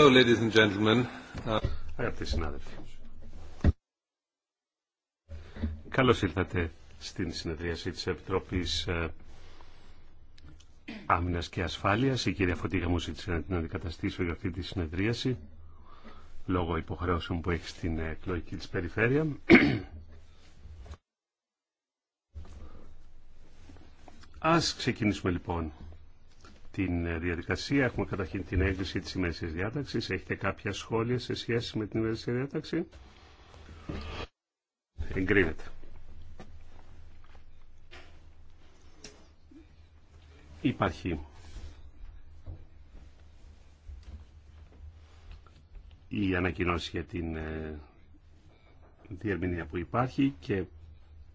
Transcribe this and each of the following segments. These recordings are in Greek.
Uh, καλώς ήρθατε στην συνεδρίαση της Επιτροπής ε, Άμυνας και Ασφάλειας. Η κυρία Φωτίγα μου ζήτησε να την αντικαταστήσω για αυτή τη συνεδρίαση λόγω υποχρεώσεων που έχει στην ε, εκλογική της περιφέρεια. Ας ξεκινήσουμε λοιπόν την ε, διαδικασία. Έχουμε καταρχήν την έγκριση της τη διάταξης. Έχετε κάποια σχόλια σε σχέση με την τη διάταξη. Εγκρίνεται. Υπάρχει η ανακοινώση για την ε, διερμηνία που υπάρχει και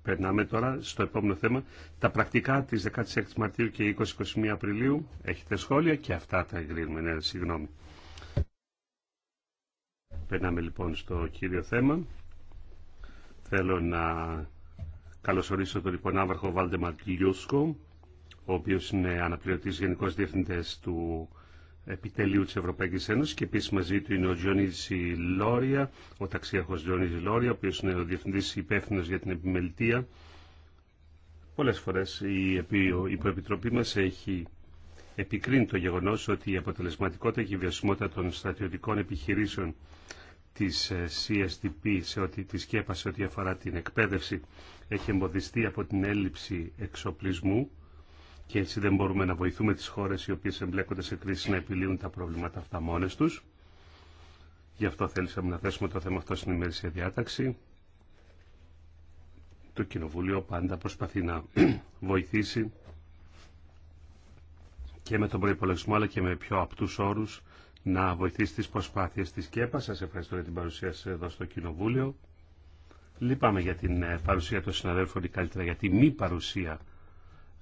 Περνάμε τώρα στο επόμενο θέμα. Τα πρακτικά της 16 Μαρτίου και 20-21 Απριλίου. Έχετε σχόλια και αυτά τα εγκρίνουμε. Ναι, συγγνώμη. Περνάμε λοιπόν στο κύριο θέμα. Θέλω να καλωσορίσω τον υπονάβαρχο Βάλτε Μαρτιλιούσκο, ο οποίος είναι αναπληρωτής Γενικός Διευθυντής του επιτελείου της Ευρωπαϊκής Ένωσης και επίσης μαζί του είναι ο Τζονίζη Λόρια, ο ταξίαρχος Τζονίζη Λόρια, ο οποίος είναι ο διευθυντής υπεύθυνος για την επιμελητία. Πολλές φορές η υποεπιτροπή μας έχει επικρίνει το γεγονός ότι η αποτελεσματικότητα και η βιωσιμότητα των στρατιωτικών επιχειρήσεων της ε, CSDP σε ό,τι τη σκέπασε ό,τι αφορά την εκπαίδευση έχει εμποδιστεί από την έλλειψη εξοπλισμού και έτσι δεν μπορούμε να βοηθούμε τις χώρες οι οποίες εμπλέκονται σε κρίση να επιλύουν τα προβλήματα αυτά μόνες τους. Γι' αυτό θέλησαμε να θέσουμε το θέμα αυτό στην ημερήσια διάταξη. Το Κοινοβούλιο πάντα προσπαθεί να βοηθήσει και με τον προϋπολογισμό αλλά και με πιο απτούς όρους να βοηθήσει τις προσπάθειες της ΚΕΠΑ. Σας ευχαριστώ για την παρουσία σας εδώ στο Κοινοβούλιο. Λυπάμαι για την ε, παρουσία των συναδέλφων ή καλύτερα για τη μη παρουσία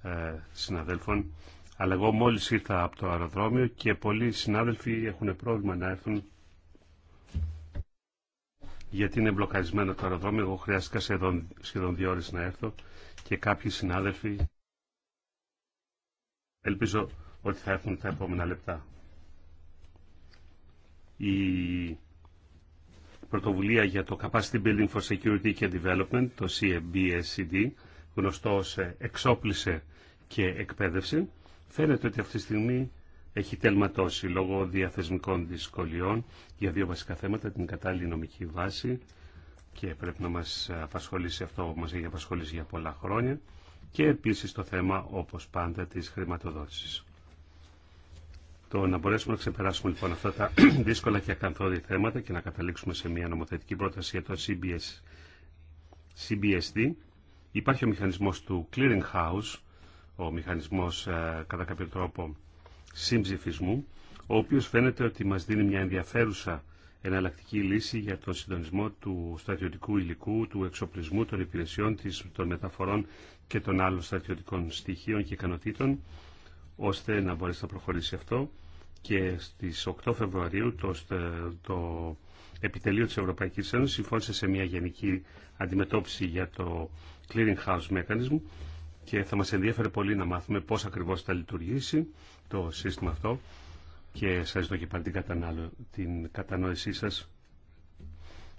ε, συναδέλφων. Αλλά εγώ μόλις ήρθα από το αεροδρόμιο και πολλοί συνάδελφοι έχουν πρόβλημα να έρθουν γιατί είναι μπλοκαρισμένο το αεροδρόμιο. Εγώ χρειάστηκα σχεδόν, σχεδόν δύο ώρες να έρθω και κάποιοι συνάδελφοι ελπίζω ότι θα έρθουν τα επόμενα λεπτά. Η πρωτοβουλία για το Capacity Building for Security and Development, το CBSCD, γνωστό ως ε, εξόπλησε και εκπαίδευση. Φαίνεται ότι αυτή τη στιγμή έχει τελματώσει λόγω διαθεσμικών δυσκολιών για δύο βασικά θέματα, την κατάλληλη νομική βάση και πρέπει να μας απασχολήσει αυτό που μας έχει απασχολήσει για πολλά χρόνια και επίσης το θέμα, όπως πάντα, της χρηματοδότησης. Το να μπορέσουμε να ξεπεράσουμε λοιπόν αυτά τα δύσκολα και ακαθόδη θέματα και να καταλήξουμε σε μια νομοθετική πρόταση για το CBS, CBSD. Υπάρχει ο μηχανισμός του Clearing House, ο μηχανισμός ε, κατά κάποιο τρόπο συμψηφισμού, ο οποίος φαίνεται ότι μας δίνει μια ενδιαφέρουσα εναλλακτική λύση για τον συντονισμό του στρατιωτικού υλικού, του εξοπλισμού, των υπηρεσιών, των μεταφορών και των άλλων στρατιωτικών στοιχείων και ικανοτήτων, ώστε να μπορέσει να προχωρήσει αυτό. Και στις 8 Φεβρουαρίου το, το Επιτελείο της Ευρωπαϊκής Ένωσης συμφώνησε σε μια γενική αντιμετώπιση για το clearing house mechanism, και θα μας ενδιαφέρει πολύ να μάθουμε πώς ακριβώς θα λειτουργήσει το σύστημα αυτό και σας ζητώ και πάλι την, την κατανόησή σας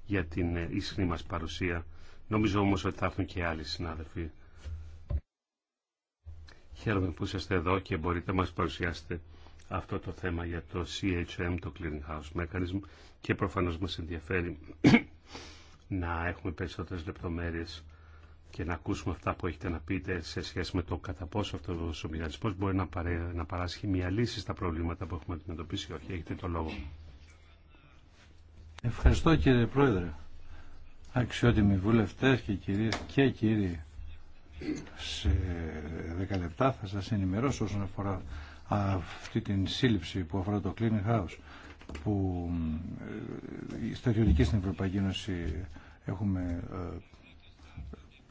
για την ε, ίσχυνη μας παρουσία. Νομίζω όμως ότι θα έρθουν και άλλοι συνάδελφοι. Χαίρομαι που είσαστε εδώ και μπορείτε να μας παρουσιάσετε αυτό το θέμα για το CHM, το Clearing House Mechanism και προφανώς μας ενδιαφέρει να έχουμε περισσότερες λεπτομέρειες και να ακούσουμε αυτά που έχετε να πείτε σε σχέση με το κατά πόσο αυτό ο σομιγαλισμό μπορεί να, να παράσχει μια λύση στα προβλήματα που έχουμε αντιμετωπίσει όχι. Έχετε το λόγο. Ευχαριστώ κύριε Πρόεδρε. Αξιότιμοι βουλευτές και κύριε, και κύριοι, σε 10 λεπτά θα σας ενημερώσω όσον αφορά αυτή την σύλληψη που αφορά το Cleaning House που ε, στρατιωτική στην Ευρωπαϊκή Ένωση έχουμε ε,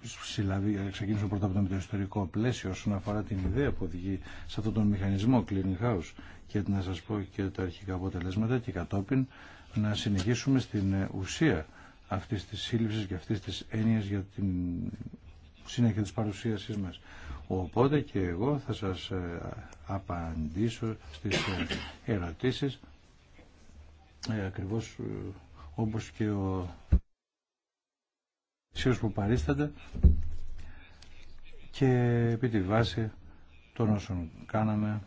συλλαβή, ε, ξεκίνησω πρώτα από το ιστορικό πλαίσιο όσον αφορά την ιδέα που οδηγεί σε αυτόν τον μηχανισμό clearing house και να σας πω και τα αρχικά αποτελέσματα και κατόπιν να συνεχίσουμε στην ε, ουσία αυτής της σύλληψη και αυτής της έννοιας για την συνέχεια της παρουσίασής μας. Οπότε και εγώ θα σας ε, απαντήσω στις ερωτήσεις ακριβώς όπως και ο Σύρους που παρίσταται και επί τη βάση των όσων κάναμε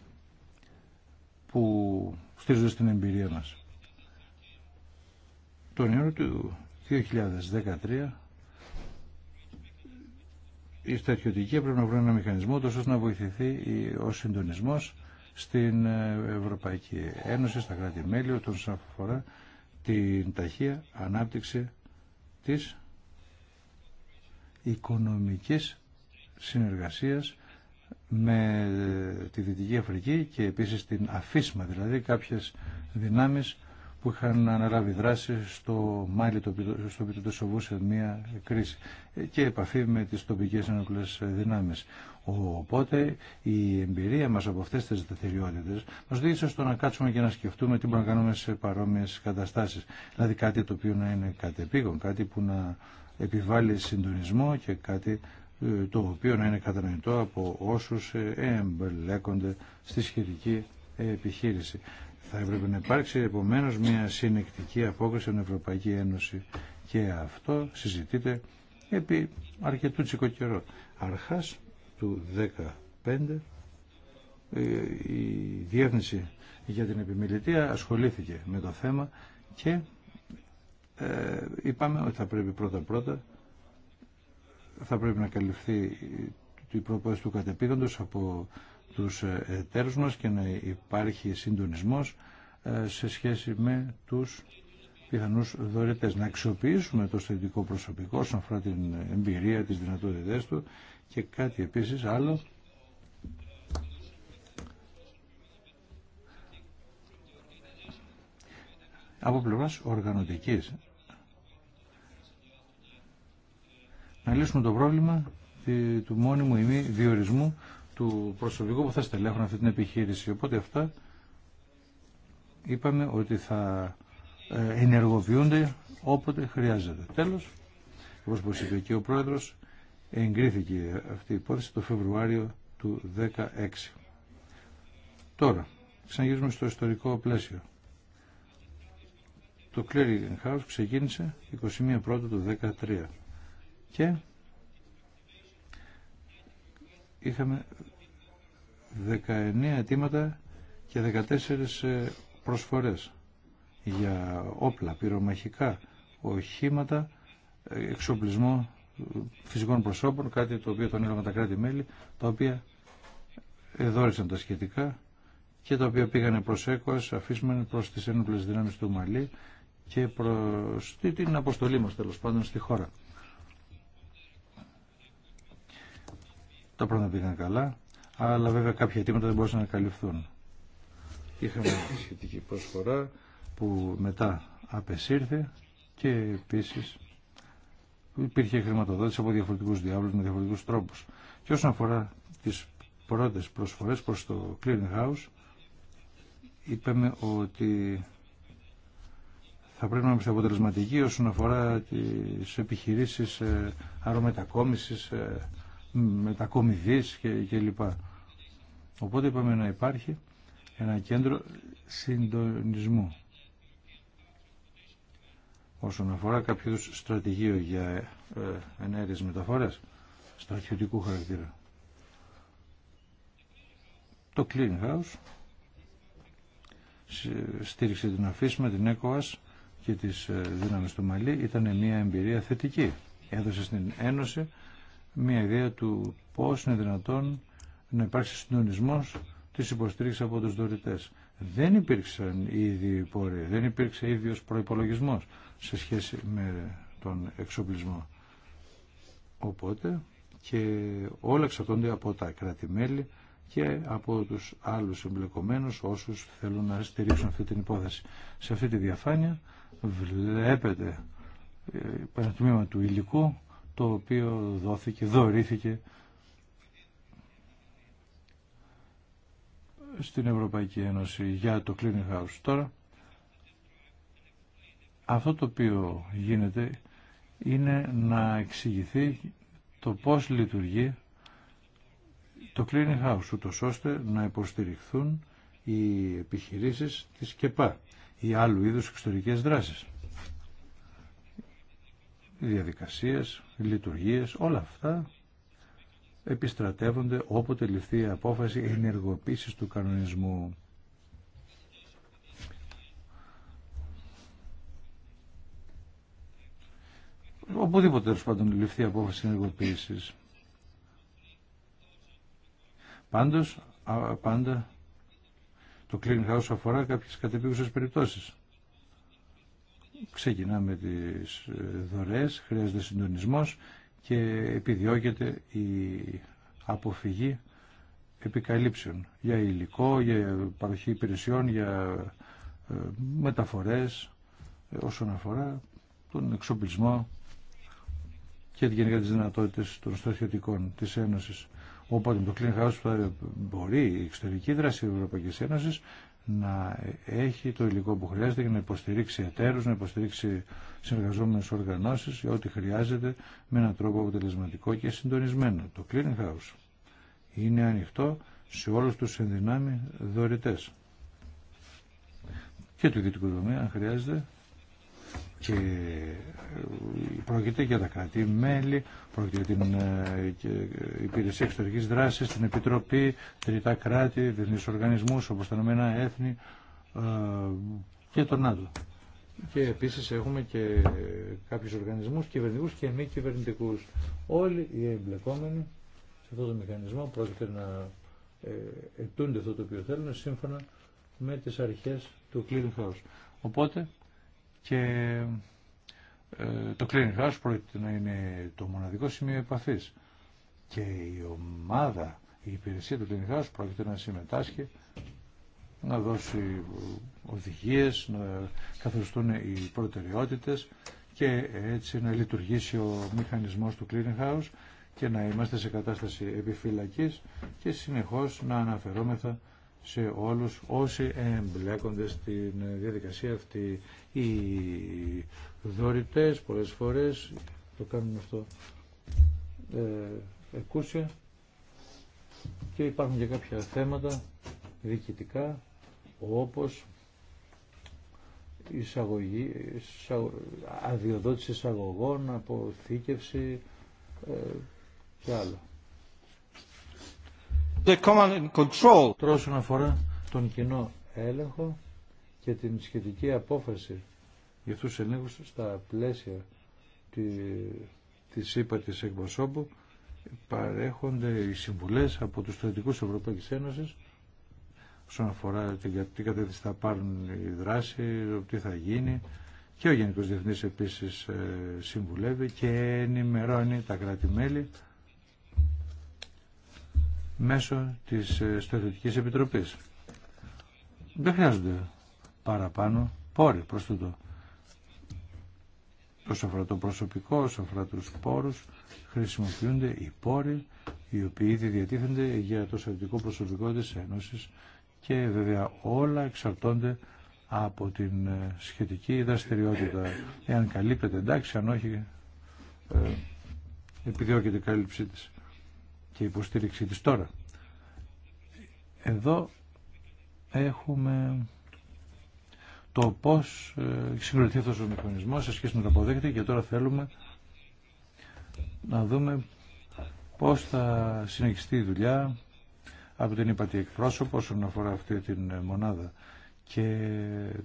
που στήριζονται στην εμπειρία μας. Τον Ιούνιο του 2013 η στρατιωτική πρέπει να βρει ένα μηχανισμό τόσο ώστε να βοηθηθεί ο συντονισμός στην Ευρωπαϊκή Ένωση, στα κράτη-μέλη, όσον αφορά την ταχεία ανάπτυξη της οικονομικής συνεργασίας με τη Δυτική Αφρική και επίσης την αφίσμα, δηλαδή κάποιες δυνάμεις που είχαν αναλάβει δράση στο Μάλι, στο οποίο το σοβούσε μια κρίση και επαφή με τις τοπικές ενόπλες δυνάμεις. Οπότε η εμπειρία μας από αυτές τις δραστηριότητε μας δείξε στο να κάτσουμε και να σκεφτούμε τι μπορούμε να κάνουμε σε παρόμοιες καταστάσεις. Δηλαδή κάτι το οποίο να είναι κατεπήγον, κάτι που να επιβάλλει συντονισμό και κάτι ε, το οποίο να είναι κατανοητό από όσους ε, εμπελέκονται στη σχετική επιχείρηση. Θα έπρεπε να υπάρξει επομένως μια συνεκτική απόκριση στην Ευρωπαϊκή Ένωση και αυτό συζητείται επί αρκετού τσικοκαιρό. Αρχάς του 2015 ε, η Διεύθυνση για την Επιμελητία ασχολήθηκε με το θέμα και ε, είπαμε ότι θα πρέπει πρώτα-πρώτα θα πρέπει να καλυφθεί η προπόθεση του κατεπίδοντος από τους εταίρους μας και να υπάρχει συντονισμός ε, σε σχέση με τους πιθανούς δωρετές. Να αξιοποιήσουμε το στρατιωτικό προσωπικό όσον αφορά την εμπειρία, τις δυνατότητές του και κάτι επίσης άλλο από πλευράς οργανωτικής. Να λύσουμε το πρόβλημα του μόνιμου ημί διορισμού του προσωπικού που θα στελέχουν αυτή την επιχείρηση. Οπότε αυτά είπαμε ότι θα ε, ενεργοποιούνται όποτε χρειάζεται. Τέλος, όπως είπε και ο Πρόεδρος, εγκρίθηκε αυτή η υπόθεση το Φεβρουάριο του 2016. Τώρα, ξαναγυρίζουμε στο ιστορικό πλαίσιο. Το Clearing House ξεκίνησε 21 πρώτα του 2013 και είχαμε 19 αιτήματα και 14 ε, προσφορές για όπλα, πυρομαχικά, οχήματα, ε, εξοπλισμό ε, φυσικών προσώπων, κάτι το οποίο τον έλαβαν τα κράτη-μέλη, τα οποία εδόρισαν τα σχετικά και τα οποία πήγανε προς ΕΚΟΑΣ, αφήσμενοι προς τις ένοπλες δυνάμεις του Μαλή και προς την αποστολή μας τέλος πάντων στη χώρα. Τα πρώτα πήγαν καλά, αλλά βέβαια κάποια αιτήματα δεν μπορούσαν να καλυφθούν. Είχαμε σχετική προσφορά που μετά απεσήρθε και επίσης υπήρχε χρηματοδότηση από διαφορετικούς διάβλους με διαφορετικούς τρόπους. Και όσον αφορά τις πρώτες προσφορές προς το Clearing House, είπαμε ότι θα πρέπει να είμαστε αποτελεσματικοί όσον αφορά τις επιχειρήσεις ε, ε μετακομιδής κλπ. Οπότε είπαμε να υπάρχει ένα κέντρο συντονισμού όσον αφορά κάποιο στρατηγείο για ε, ενέργειες μεταφορές στρατιωτικού χαρακτήρα. Το Clean House στήριξε την αφήση με την ECOAS και της ε, δύναμης του Μαλή ήταν μια εμπειρία θετική. Έδωσε στην Ένωση μια ιδέα του πώς είναι δυνατόν να υπάρξει συντονισμός της υποστήριξης από τους δωρητές. Δεν υπήρξαν ήδη πόροι, δεν υπήρξε ίδιος προϋπολογισμός σε σχέση με τον εξοπλισμό. Οπότε και όλα εξαρτώνται από τα κράτη-μέλη και από τους άλλους εμπλεκομένους όσους θέλουν να στηρίξουν αυτή την υπόθεση. Σε αυτή τη διαφάνεια βλέπετε ε, ένα τμήμα του υλικού το οποίο δόθηκε, δωρήθηκε στην Ευρωπαϊκή Ένωση για το Cleaning House. Τώρα, αυτό το οποίο γίνεται είναι να εξηγηθεί το πώς λειτουργεί το Cleaning House, ούτως ώστε να υποστηριχθούν οι επιχειρήσεις της ΚΕΠΑ ή άλλου είδους εξωτερικές δράσεις. Διαδικασίες, λειτουργίες, όλα αυτά επιστρατεύονται όποτε ληφθεί η απόφαση ενεργοποίησης του κανονισμού. Οπουδήποτε τέλο πάντων ληφθεί η απόφαση συνεργοποίησης. Πάντως, ενεργοποιησης παντως παντα το κλίνιχα όσο αφορά κάποιες κατεπίγουσες περιπτώσεις. Ξεκινάμε τις ε, δωρεές, χρειάζεται συντονισμός και επιδιώκεται η αποφυγή επικαλύψεων για υλικό, για παροχή υπηρεσιών, για ε, μεταφορές ε, όσον αφορά τον εξοπλισμό και γενικά τις δυνατότητες των στρατιωτικών της Ένωσης. Οπότε το Clean House μπορεί η εξωτερική δράση της Ευρωπαϊκής Ένωσης να έχει το υλικό που χρειάζεται για να υποστηρίξει εταίρους, να υποστηρίξει συνεργαζόμενες οργανώσεις, ό,τι χρειάζεται με έναν τρόπο αποτελεσματικό και συντονισμένο. Το Clean House είναι ανοιχτό σε όλους τους ενδυνάμει δωρητές και του ιδιωτικού τομέα, αν χρειάζεται, και ε, πρόκειται για τα κρατή-μέλη, πρόκειται για την ε, ε, Υπηρεσία Εξωτερική Δράση, την Επιτροπή, τριτά κράτη, διεθνεί οργανισμού όπω τα Ηνωμένα Έθνη και τον ΝΑΤΟ. Και επίση έχουμε και κάποιου οργανισμού κυβερνητικού και μη κυβερνητικού. Όλοι οι εμπλεκόμενοι σε αυτό το μηχανισμό πρόκειται να ετούνται αυτό το οποίο θέλουν σύμφωνα με τις αρχές του clearing house. Οπότε και ε, το cleaning House πρόκειται να είναι το μοναδικό σημείο επαφής και η ομάδα, η υπηρεσία του cleaning House πρόκειται να συμμετάσχει να δώσει οδηγίες, να καθοριστούν οι προτεραιότητες και έτσι να λειτουργήσει ο μηχανισμός του cleaning House και να είμαστε σε κατάσταση επιφυλακής και συνεχώς να αναφερόμεθα σε όλους όσοι εμπλέκονται στην διαδικασία αυτή. Οι δωρητές πολλές φορές το κάνουν αυτό ε, εκούσια και υπάρχουν και κάποια θέματα διοικητικά όπως εισαγωγή, αδειοδότηση εισαγωγών, αποθήκευση ε, και άλλα. The command Τώρα όσον αφορά τον κοινό έλεγχο και την σχετική απόφαση για αυτούς τους ελέγχους στα πλαίσια της ΥΠΑ της εκπροσώπου παρέχονται οι συμβουλές από τους στρατικούς Ευρωπαϊκής Ένωσης όσον αφορά την, τι κατεύθυνση θα πάρουν οι δράση, τι θα γίνει και ο Γενικός Διευθυντής επίσης ε, συμβουλεύει και ενημερώνει τα κράτη-μέλη μέσω της ε, Στρατιωτικής Επιτροπής. Δεν χρειάζονται παραπάνω πόροι προς τούτο. Όσο αφορά το προσωπικό, όσο αφορά τους πόρους, χρησιμοποιούνται οι πόροι οι οποίοι ήδη διατίθενται για το στρατιωτικό προσωπικό της Ένωσης και βέβαια όλα εξαρτώνται από την ε, σχετική δραστηριότητα. Εάν καλύπτεται εντάξει, αν όχι ε, επιδιώκεται η κάλυψή της και υποστήριξή της τώρα. Εδώ έχουμε το πώς ε, συγκροτηθεί αυτός ο μηχανισμός σε σχέση με το αποδέκτη και τώρα θέλουμε να δούμε πώς θα συνεχιστεί η δουλειά από την υπατή εκπρόσωπο όσον αφορά αυτή την μονάδα και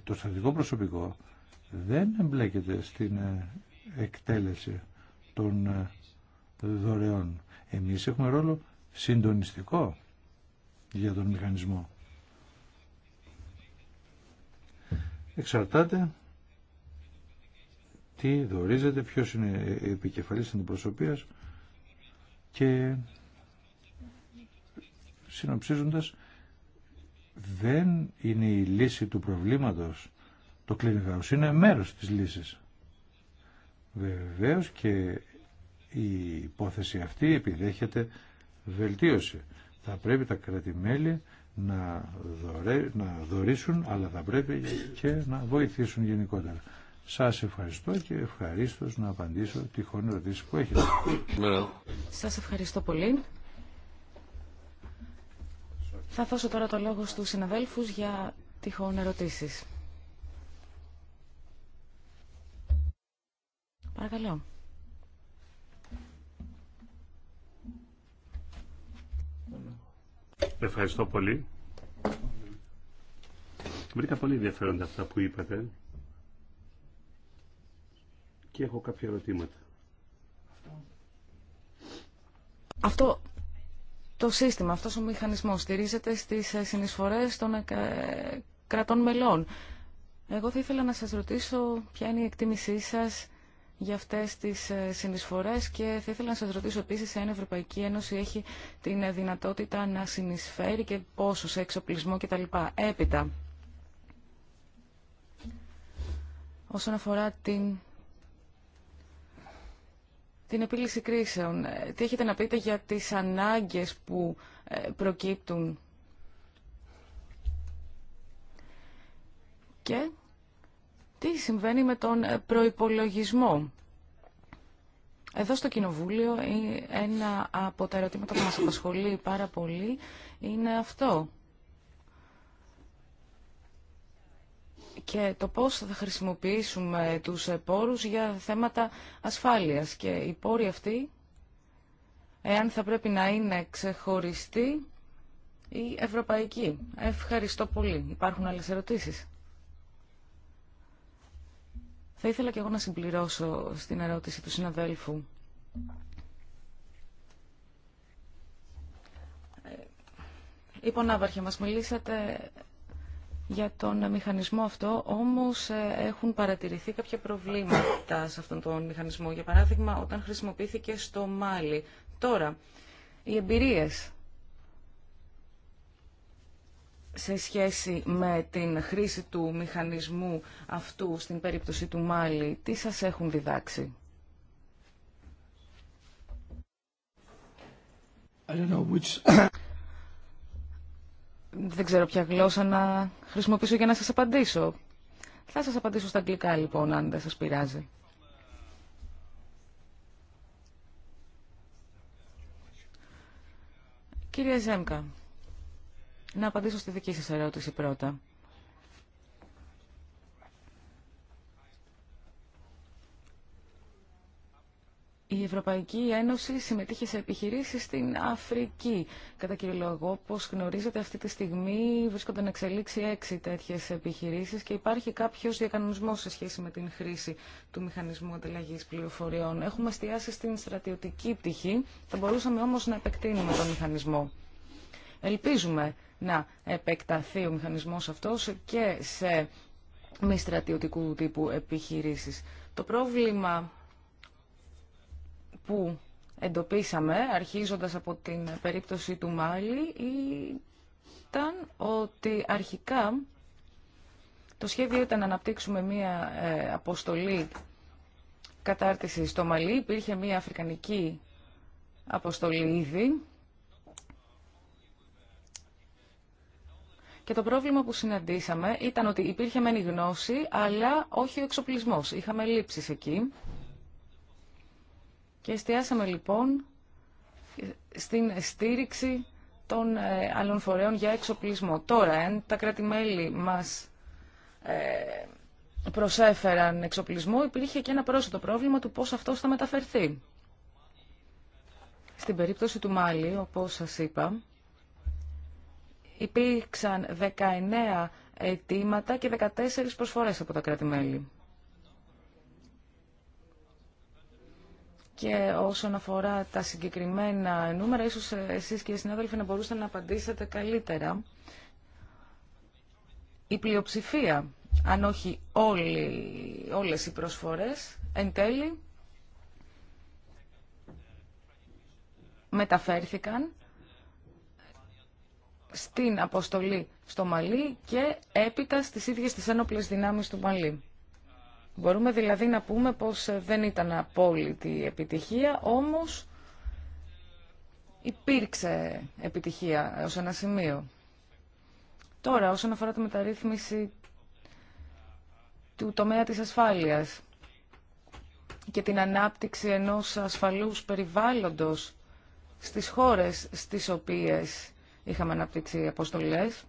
το στρατηγικό προσωπικό δεν εμπλέκεται στην ε, εκτέλεση των ε, δωρεών. Εμείς έχουμε ρόλο συντονιστικό για τον μηχανισμό. Εξαρτάται τι δορίζεται, ποιος είναι επικεφαλής της αντιπροσωπείας και συνοψίζοντας δεν είναι η λύση του προβλήματος το κλινικά είναι μέρος της λύσης. Βεβαίως και η υπόθεση αυτή επιδέχεται βελτίωση. Θα πρέπει τα κρατημέλη να, δωρε, να δωρήσουν, αλλά θα πρέπει και να βοηθήσουν γενικότερα. Σας ευχαριστώ και ευχαρίστω να απαντήσω τυχόν ερωτήσεις που έχετε. Σας ευχαριστώ πολύ. Θα δώσω τώρα το λόγο στους συναδέλφους για τυχόν ερωτήσεις. Παρακαλώ. Ευχαριστώ πολύ. Βρήκα πολύ ενδιαφέροντα αυτά που είπατε και έχω κάποια ερωτήματα. Αυτό το σύστημα, αυτός ο μηχανισμός στηρίζεται στις συνεισφορές των ε, κρατών μελών. Εγώ θα ήθελα να σας ρωτήσω ποια είναι η εκτίμησή σας για αυτές τις ε, συνεισφορές και θα ήθελα να σας ρωτήσω επίσης αν η Ευρωπαϊκή Ένωση έχει την ε, δυνατότητα να συνεισφέρει και πόσο σε εξοπλισμό κτλ. Έπειτα, όσον αφορά την την επίλυση κρίσεων. Ε, τι έχετε να πείτε για τις ανάγκες που προκύπτουν. Και τι συμβαίνει με τον ε, προϋπολογισμό. Εδώ στο Κοινοβούλιο ε, ένα από τα ερωτήματα που μας απασχολεί πάρα πολύ είναι αυτό. και το πώς θα χρησιμοποιήσουμε τους ε, πόρους για θέματα ασφάλειας. Και οι πόροι αυτοί, εάν θα πρέπει να είναι ξεχωριστοί ή Ευρωπαϊκή; Ευχαριστώ πολύ. Υπάρχουν άλλες ερωτήσεις. Θα ήθελα και εγώ να συμπληρώσω στην ερώτηση του συναδέλφου. Υπονάβαρχε, ε, μας μιλήσατε για τον μηχανισμό αυτό, όμως ε, έχουν παρατηρηθεί κάποια προβλήματα σε αυτόν τον μηχανισμό. Για παράδειγμα, όταν χρησιμοποιήθηκε στο Μάλι. Τώρα, οι εμπειρίες σε σχέση με την χρήση του μηχανισμού αυτού στην περίπτωση του Μάλι, τι σας έχουν διδάξει. I don't know which... Δεν ξέρω ποια γλώσσα να χρησιμοποιήσω για να σας απαντήσω. Θα σας απαντήσω στα αγγλικά λοιπόν, αν δεν σας πειράζει. Κύριε Ζέμκα, να απαντήσω στη δική σας ερώτηση πρώτα. Η Ευρωπαϊκή Ένωση συμμετείχε σε επιχειρήσεις στην Αφρική. Κατά κύριο λόγο, όπως γνωρίζετε αυτή τη στιγμή βρίσκονται να εξελίξει έξι τέτοιες επιχειρήσεις και υπάρχει κάποιος διακανονισμός σε σχέση με την χρήση του μηχανισμού ανταλλαγή πληροφοριών. Έχουμε εστιάσει στην στρατιωτική πτυχή, θα μπορούσαμε όμως να επεκτείνουμε τον μηχανισμό. Ελπίζουμε να επεκταθεί ο μηχανισμός αυτός και σε μη στρατιωτικού τύπου επιχειρήσεις. Το πρόβλημα που εντοπίσαμε, αρχίζοντας από την περίπτωση του Μάλι, ήταν ότι αρχικά το σχέδιο ήταν να αναπτύξουμε μία ε, αποστολή κατάρτισης στο Μαλί. Υπήρχε μία αφρικανική αποστολή ήδη Και το πρόβλημα που συναντήσαμε ήταν ότι υπήρχε μεν η γνώση, αλλά όχι ο εξοπλισμός. Είχαμε λήψει εκεί. Και εστιάσαμε λοιπόν στην στήριξη των ε, άλλων φορέων για εξοπλισμό. Τώρα, αν τα κράτη-μέλη μας ε, προσέφεραν εξοπλισμό, υπήρχε και ένα πρόσθετο πρόβλημα του πώς αυτός θα μεταφερθεί. Στην περίπτωση του Μάλι, όπως σας είπα, υπήρξαν 19 αιτήματα και 14 προσφορές από τα κράτη-μέλη. Και όσον αφορά τα συγκεκριμένα νούμερα, ίσως εσείς και οι συνάδελφοι να μπορούσατε να απαντήσετε καλύτερα. Η πλειοψηφία, αν όχι όλοι, όλες οι προσφορές, εν τέλει μεταφέρθηκαν στην αποστολή στο Μαλί και έπειτα στις ίδιες τις ένοπλες δυνάμεις του Μαλί. Μπορούμε δηλαδή να πούμε πως ε, δεν ήταν απόλυτη επιτυχία, όμως υπήρξε επιτυχία ως ένα σημείο. Τώρα, όσον αφορά τη μεταρρύθμιση του τομέα της ασφάλειας και την ανάπτυξη ενός ασφαλούς περιβάλλοντος στις χώρες στις οποίες είχαμε αναπτύξει αποστολές.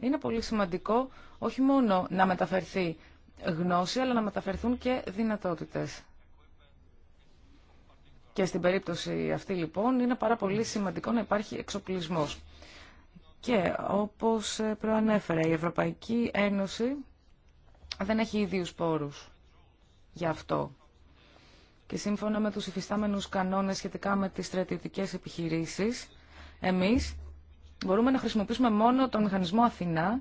Είναι πολύ σημαντικό όχι μόνο να μεταφερθεί γνώση, αλλά να μεταφερθούν και δυνατότητες. Και στην περίπτωση αυτή λοιπόν είναι πάρα πολύ σημαντικό να υπάρχει εξοπλισμός. Και όπως ε, προανέφερα, η Ευρωπαϊκή Ένωση δεν έχει ίδιους πόρους για αυτό και σύμφωνα με τους υφιστάμενους κανόνες σχετικά με τις στρατιωτικές επιχειρήσεις, εμείς μπορούμε να χρησιμοποιήσουμε μόνο τον μηχανισμό Αθηνά,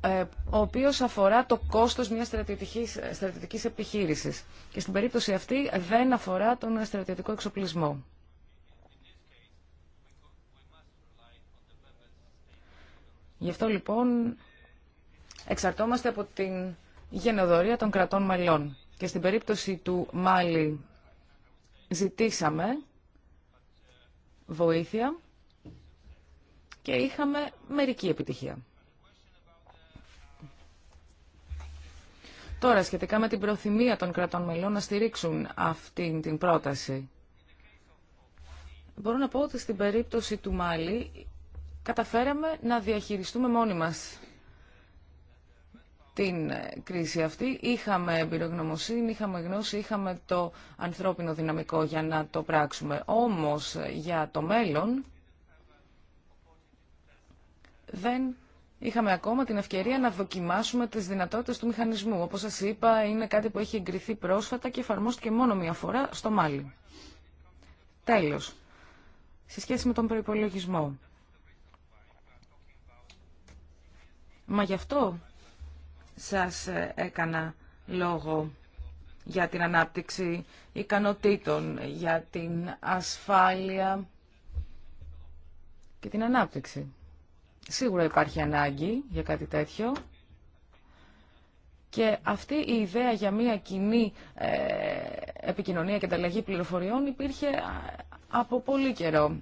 ε, ο οποίος αφορά το κόστος μιας στρατιωτικής, ε, στρατιωτικής επιχείρησης. Και στην περίπτωση αυτή δεν αφορά τον στρατιωτικό εξοπλισμό. Γι' αυτό λοιπόν εξαρτώμαστε από την γενοδορία των κρατών μελών. Και στην περίπτωση του Μάλι ζητήσαμε βοήθεια και είχαμε μερική επιτυχία. Τώρα, σχετικά με την προθυμία των κρατών μελών να στηρίξουν αυτή την πρόταση, μπορώ να πω ότι στην περίπτωση του Μάλι καταφέραμε να διαχειριστούμε μόνοι μας την ε, κρίση αυτή. Είχαμε εμπειρογνωμοσύνη, είχαμε γνώση, είχαμε το ανθρώπινο δυναμικό για να το πράξουμε. Όμως για το μέλλον δεν είχαμε ακόμα την ευκαιρία να δοκιμάσουμε τις δυνατότητες του μηχανισμού. Όπως σας είπα, είναι κάτι που έχει εγκριθεί πρόσφατα και εφαρμόστηκε μόνο μία φορά στο Μάλι. Τέλος. Σε σχέση με τον προϋπολογισμό. Μα γι' αυτό σας έκανα λόγο για την ανάπτυξη ικανοτήτων, για την ασφάλεια και την ανάπτυξη. Σίγουρα υπάρχει ανάγκη για κάτι τέτοιο. Και αυτή η ιδέα για μια κοινή ε, επικοινωνία και ανταλλαγή πληροφοριών υπήρχε από πολύ καιρό.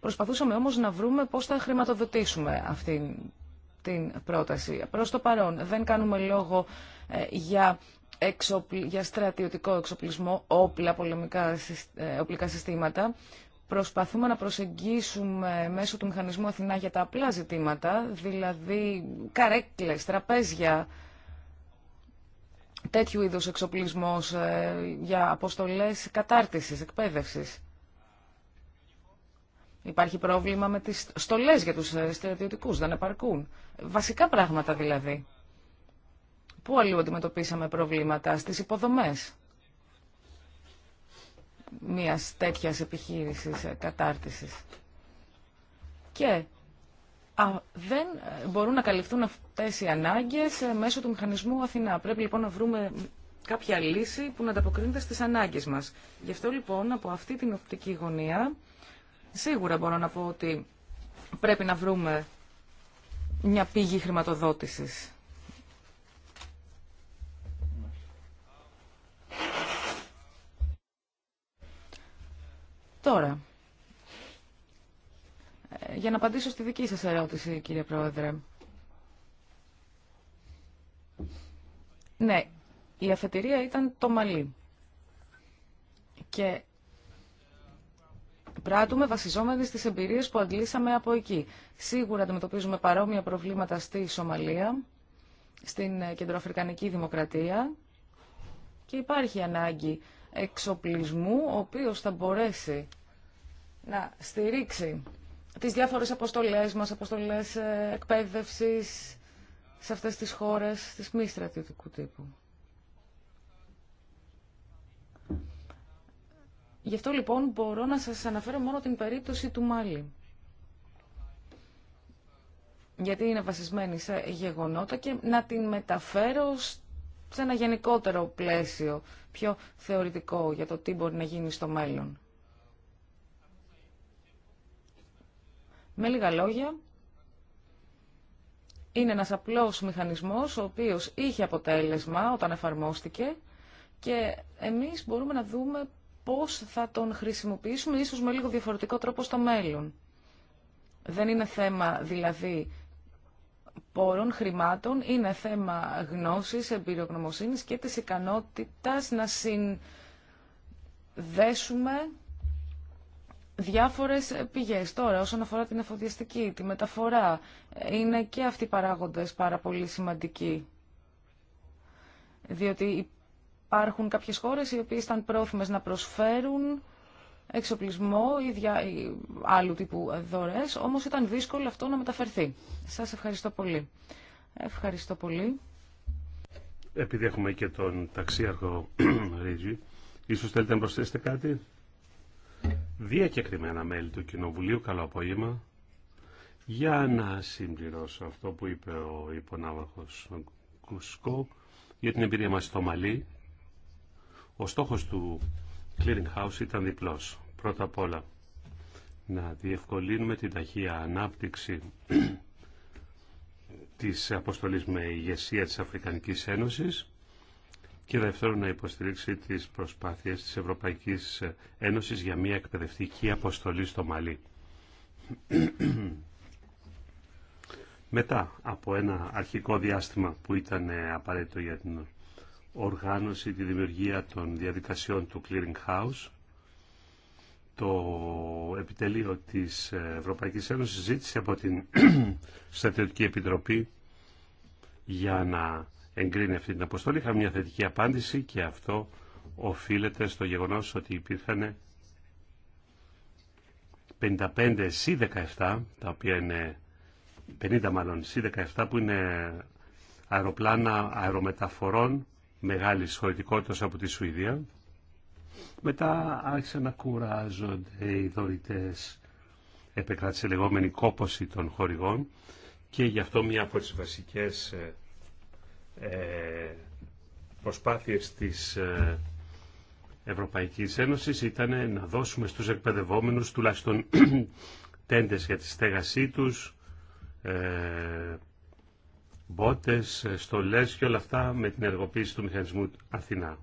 Προσπαθούσαμε όμως να βρούμε πώς θα χρηματοδοτήσουμε αυτήν την πρόταση. Προς το παρόν δεν κάνουμε λόγο ε, για, εξοπλ, για στρατιωτικό εξοπλισμό, όπλα, πολεμικά, οπλικά ε, συστήματα. Προσπαθούμε να προσεγγίσουμε μέσω του μηχανισμού Αθηνά για τα απλά ζητήματα, δηλαδή καρέκλες, τραπέζια, τέτοιου είδους εξοπλισμός ε, για αποστολές κατάρτισης, εκπαίδευσης. Υπάρχει πρόβλημα με τις στολές για τους στρατιωτικούς, δεν επαρκούν. Βασικά πράγματα δηλαδή. Πού αλλού αντιμετωπίσαμε προβλήματα, στις υποδομές μιας τέτοιας επιχείρησης ε, κατάρτισης. Και δεν ε, μπορούν να καλυφθούν αυτές οι ανάγκες ε, μέσω του μηχανισμού Αθηνά. Πρέπει λοιπόν να βρούμε κάποια λύση που να ανταποκρίνεται στις ανάγκες μας. Γι' αυτό λοιπόν από αυτή την οπτική γωνία Σίγουρα μπορώ να πω ότι πρέπει να βρούμε μια πηγή χρηματοδότησης. Τώρα, ε, για να απαντήσω στη δική σας ερώτηση, κύριε Πρόεδρε. Ναι, η αφετηρία ήταν το μαλλί. Και πράττουμε βασιζόμενοι στις εμπειρίες που αντλήσαμε από εκεί. Σίγουρα αντιμετωπίζουμε παρόμοια προβλήματα στη Σομαλία, στην Κεντροαφρικανική Δημοκρατία και υπάρχει ανάγκη εξοπλισμού, ο οποίος θα μπορέσει να στηρίξει τις διάφορες αποστολές μας, αποστολές ε, εκπαίδευσης σε αυτές τις χώρες, της μη στρατιωτικού τύπου. Γι' αυτό λοιπόν μπορώ να σας αναφέρω μόνο την περίπτωση του Μάλι. Γιατί είναι βασισμένη σε γεγονότα και να την μεταφέρω σε ένα γενικότερο πλαίσιο, πιο θεωρητικό για το τι μπορεί να γίνει στο μέλλον. Με λίγα λόγια, είναι ένας απλός μηχανισμός ο οποίος είχε αποτέλεσμα όταν εφαρμόστηκε και εμείς μπορούμε να δούμε πώς θα τον χρησιμοποιήσουμε, ίσως με λίγο διαφορετικό τρόπο στο μέλλον. Δεν είναι θέμα δηλαδή πόρων, χρημάτων, είναι θέμα γνώσης, εμπειρογνωμοσύνης και της ικανότητας να συνδέσουμε διάφορες πηγές. Τώρα, όσον αφορά την εφοδιαστική, τη μεταφορά, είναι και αυτοί οι παράγοντες πάρα πολύ σημαντικοί. Διότι υπάρχουν κάποιες χώρες οι οποίες ήταν πρόθυμες να προσφέρουν εξοπλισμό ή, δια, ή άλλου τύπου δωρές, όμως ήταν δύσκολο αυτό να μεταφερθεί. Σας ευχαριστώ πολύ. Ευχαριστώ πολύ. Επειδή έχουμε και τον ταξίαρχο Ρίτζι, ίσως θέλετε να προσθέσετε κάτι. Διακεκριμένα μέλη του Κοινοβουλίου, καλό απόγευμα. Για να συμπληρώσω αυτό που είπε ο υπονάβαχος Κουσκό για την εμπειρία μας στο μαλή. Ο στόχος του Clearing House ήταν διπλός. Πρώτα απ' όλα να διευκολύνουμε την ταχεία ανάπτυξη της αποστολής με ηγεσία της Αφρικανικής Ένωσης και δεύτερον να υποστηρίξει τις προσπάθειες της Ευρωπαϊκής Ένωσης για μια εκπαιδευτική αποστολή στο Μαλί. Μετά από ένα αρχικό διάστημα που ήταν απαραίτητο για την οργάνωση, τη δημιουργία των διαδικασιών του Clearing House. Το επιτελείο της Ευρωπαϊκής Ένωσης ζήτησε από την Στρατιωτική Επιτροπή για να εγκρίνει αυτή την αποστολή. Είχαμε μια θετική απάντηση και αυτό οφείλεται στο γεγονός ότι υπήρχαν 55 C17, τα οποία είναι 50 μάλλον C17 που είναι αεροπλάνα αερομεταφορών Μεγάλη χωρητικότητας από τη Σουηδία. Μετά άρχισαν να κουράζονται οι δωρητές. Επεκράτησε λεγόμενη κόπωση των χορηγών και γι' αυτό μία από τις βασικές ε, ε, προσπάθειες της ε, Ευρωπαϊκής Ένωσης ήταν να δώσουμε στους εκπαιδευόμενους τουλάχιστον τέντες για τη στέγασή τους, μπότες, στολές και όλα αυτά με την εργοποίηση του μηχανισμού Αθηνά.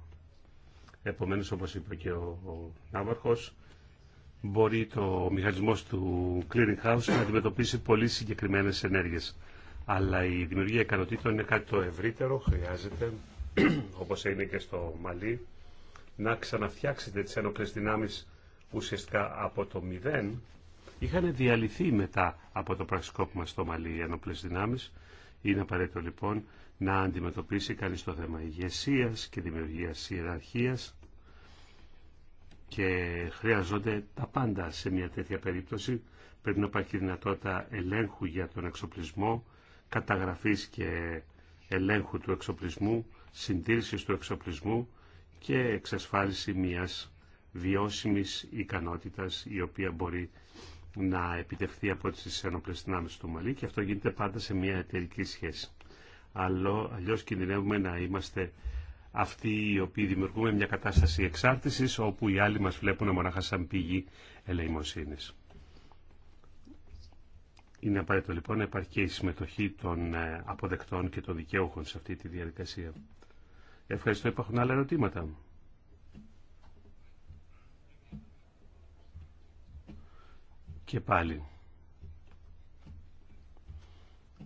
Επομένως, όπως είπε και ο, ο μπορεί το μηχανισμός του Clearing House να αντιμετωπίσει πολύ συγκεκριμένες ενέργειες. Αλλά η δημιουργία ικανοτήτων είναι κάτι το ευρύτερο, χρειάζεται, όπως είναι και στο Μαλί, να ξαναφτιάξετε τις ένοπλες δυνάμεις ουσιαστικά από το μηδέν. Είχαν διαλυθεί μετά από το πραξικόπημα στο Μαλί οι ένοπλες δυνάμεις είναι απαραίτητο λοιπόν να αντιμετωπίσει κανείς το θέμα ηγεσία και δημιουργία ιεραρχία και χρειαζόνται τα πάντα σε μια τέτοια περίπτωση. Πρέπει να υπάρχει δυνατότητα ελέγχου για τον εξοπλισμό, καταγραφής και ελέγχου του εξοπλισμού, συντήρησης του εξοπλισμού και εξασφάλιση μιας βιώσιμης ικανότητας η οποία μπορεί να επιτευχθεί από τις ενόπλες δυνάμεις του Μαλή και αυτό γίνεται πάντα σε μια εταιρική σχέση. Αλλά αλλιώς κινδυνεύουμε να είμαστε αυτοί οι οποίοι δημιουργούμε μια κατάσταση εξάρτησης όπου οι άλλοι μας βλέπουν μονάχα σαν πηγή ελεημοσύνης. Είναι απαραίτητο λοιπόν να υπάρχει και η συμμετοχή των ε, αποδεκτών και των δικαιούχων σε αυτή τη διαδικασία. Ευχαριστώ. Υπάρχουν άλλα ερωτήματα. Και πάλι.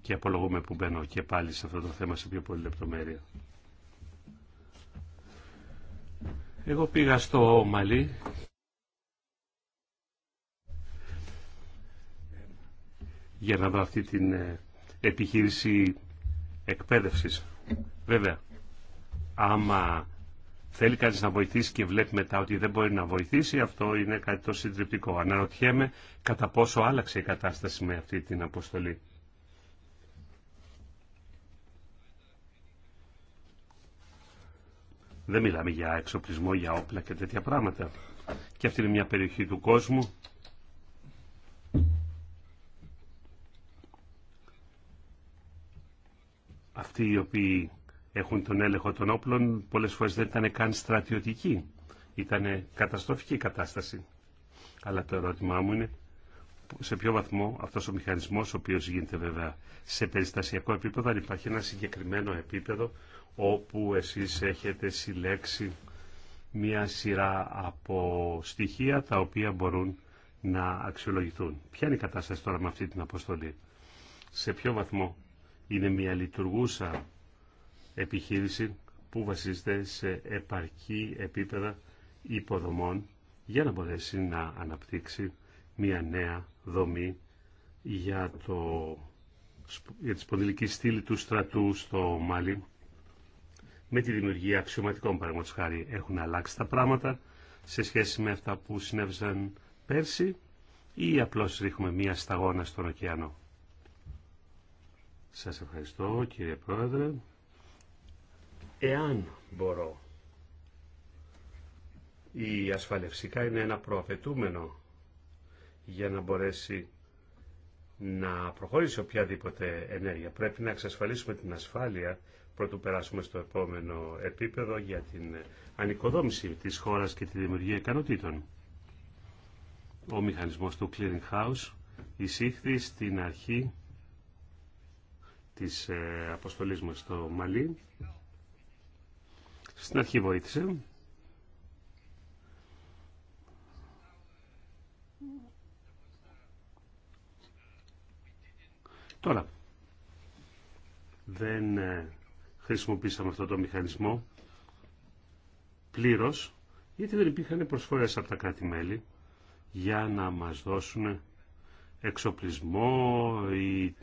Και απολογούμε που μπαίνω και πάλι σε αυτό το θέμα σε πιο πολύ λεπτομέρεια. Εγώ πήγα στο Μαλί για να δω αυτή την ε, επιχείρηση εκπαίδευσης. Βέβαια, άμα θέλει κανείς να βοηθήσει και βλέπει μετά ότι δεν μπορεί να βοηθήσει, αυτό είναι κάτι το συντριπτικό. Αναρωτιέμαι κατά πόσο άλλαξε η κατάσταση με αυτή την αποστολή. Δεν μιλάμε για εξοπλισμό, για όπλα και τέτοια πράγματα. Και αυτή είναι μια περιοχή του κόσμου αυτοί οι οποίοι έχουν τον έλεγχο των όπλων, πολλές φορές δεν ήταν καν στρατιωτική. Ήταν καταστροφική κατάσταση. Αλλά το ερώτημά μου είναι σε ποιο βαθμό αυτός ο μηχανισμός, ο οποίος γίνεται βέβαια σε περιστασιακό επίπεδο, αν υπάρχει ένα συγκεκριμένο επίπεδο όπου εσείς έχετε συλλέξει μία σειρά από στοιχεία τα οποία μπορούν να αξιολογηθούν. Ποια είναι η κατάσταση τώρα με αυτή την αποστολή. Σε ποιο βαθμό είναι μια λειτουργούσα επιχείρηση που βασίζεται σε επαρκή επίπεδα υποδομών για να μπορέσει να αναπτύξει μια νέα δομή για, το, για τη σπονδυλική στήλη του στρατού στο Μάλι με τη δημιουργία αξιωματικών παραγματος έχουν αλλάξει τα πράγματα σε σχέση με αυτά που συνέβησαν πέρσι ή απλώς ρίχνουμε μία σταγόνα στον ωκεανό. Σας ευχαριστώ κύριε Πρόεδρε εάν μπορώ. Η ασφαλευσικά είναι ένα προαπαιτούμενο για να μπορέσει να προχωρήσει οποιαδήποτε ενέργεια. Πρέπει να εξασφαλίσουμε την ασφάλεια πρωτού περάσουμε στο επόμενο επίπεδο για την ανοικοδόμηση της χώρας και τη δημιουργία ικανοτήτων. Ο μηχανισμός του Clearing House εισήχθη στην αρχή της ε, αποστολής μας στο Μαλί στην αρχή βοήθησε. Τώρα, δεν ε, χρησιμοποίησαμε αυτό το μηχανισμό πλήρως, γιατί δεν υπήρχαν προσφορές από τα κράτη-μέλη για να μας δώσουν εξοπλισμό ή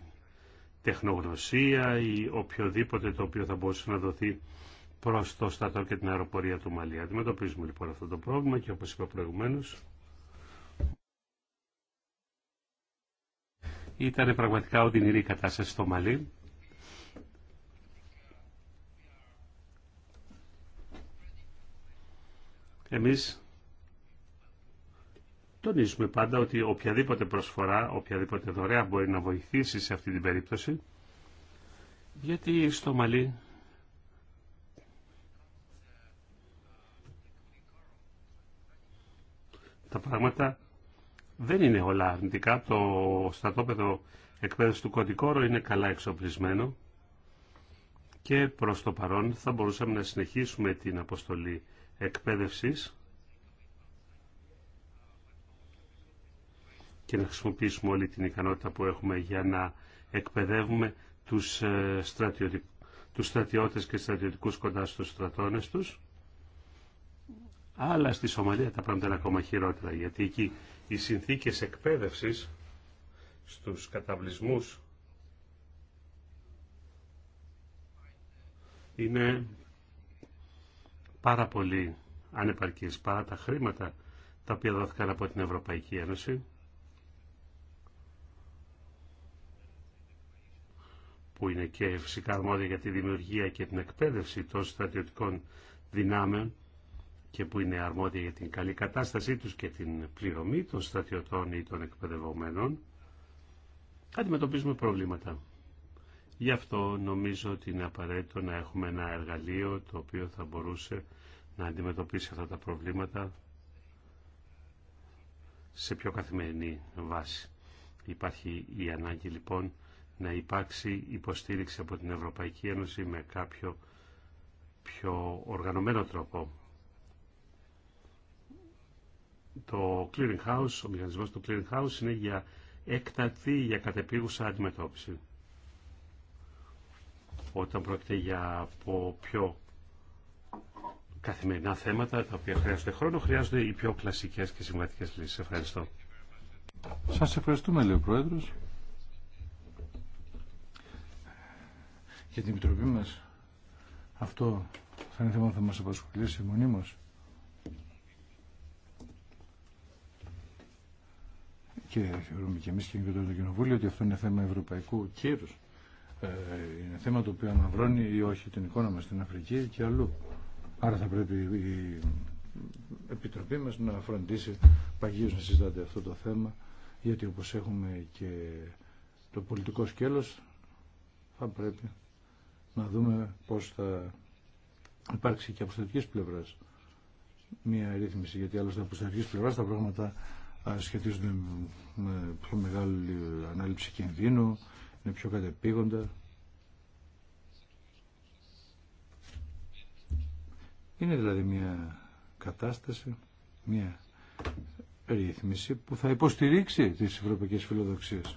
τεχνογνωσία ή οποιοδήποτε το οποίο θα μπορούσε να δοθεί Προ το στατό και την αεροπορία του Μαλή. Αντιμετωπίζουμε λοιπόν αυτό το πρόβλημα και όπω είπα προηγουμένω. ήταν πραγματικά οδυνηρή η κατάσταση στο Μαλή. Εμείς τονίζουμε πάντα ότι οποιαδήποτε προσφορά, οποιαδήποτε δωρεά μπορεί να βοηθήσει σε αυτή την περίπτωση, γιατί στο Μαλή τα πράγματα δεν είναι όλα αρνητικά. Το στρατόπεδο εκπαίδευση του Κοντικόρο είναι καλά εξοπλισμένο και προς το παρόν θα μπορούσαμε να συνεχίσουμε την αποστολή εκπαίδευσης και να χρησιμοποιήσουμε όλη την ικανότητα που έχουμε για να εκπαιδεύουμε τους, ε, στρατιωτικ... τους στρατιώτες και στρατιωτικούς κοντά στους στρατώνες τους. Αλλά στη Σομαλία τα πράγματα είναι ακόμα χειρότερα, γιατί εκεί οι συνθήκες εκπαίδευσης στους καταβλισμούς είναι πάρα πολύ ανεπαρκείς. παρά τα χρήματα τα οποία δόθηκαν από την Ευρωπαϊκή Ένωση, που είναι και φυσικά αρμόδια για τη δημιουργία και την εκπαίδευση των στρατιωτικών δυνάμεων, και που είναι αρμόδια για την καλή κατάστασή τους και την πληρωμή των στρατιωτών ή των εκπαιδευομένων, αντιμετωπίζουμε προβλήματα. Γι' αυτό νομίζω ότι είναι απαραίτητο να έχουμε ένα εργαλείο το οποίο θα μπορούσε να αντιμετωπίσει αυτά τα προβλήματα σε πιο καθημερινή βάση. Υπάρχει η ανάγκη λοιπόν να υπάρξει υποστήριξη από την Ευρωπαϊκή Ένωση με κάποιο πιο οργανωμένο τρόπο το clearing house, ο μηχανισμός του clearing house είναι για έκτατη, για κατεπίγουσα αντιμετώπιση. Όταν πρόκειται για από πιο καθημερινά θέματα τα οποία χρειάζονται χρόνο, χρειάζονται οι πιο κλασικές και συμβατικές λύσεις. Ευχαριστώ. Σας ευχαριστούμε, λέει ο Πρόεδρος. Για την Επιτροπή μας αυτό θα είναι θέμα που θα μας απασχολήσει μονίμως. Και θεωρούμε και εμείς και το Κοινοβούλιο ότι αυτό είναι θέμα ευρωπαϊκού κύρους. Ε, είναι θέμα το οποίο αναβρώνει ή όχι την εικόνα μας στην Αφρική και αλλού. Άρα θα πρέπει η Επιτροπή μας να φροντίσει παγίως να συζητάτε αυτό το θέμα γιατί όπως έχουμε και το πολιτικό σκέλος θα πρέπει να δούμε πώς θα υπάρξει και από πλευράς μια ρύθμιση γιατί άλλωστε από πλευρά τα πράγματα σχετίζονται με πιο μεγάλη ανάληψη κινδύνου, είναι πιο κατεπήγοντα. Είναι δηλαδή μια κατάσταση, μια ρύθμιση που θα υποστηρίξει τις ευρωπαϊκές φιλοδοξίες.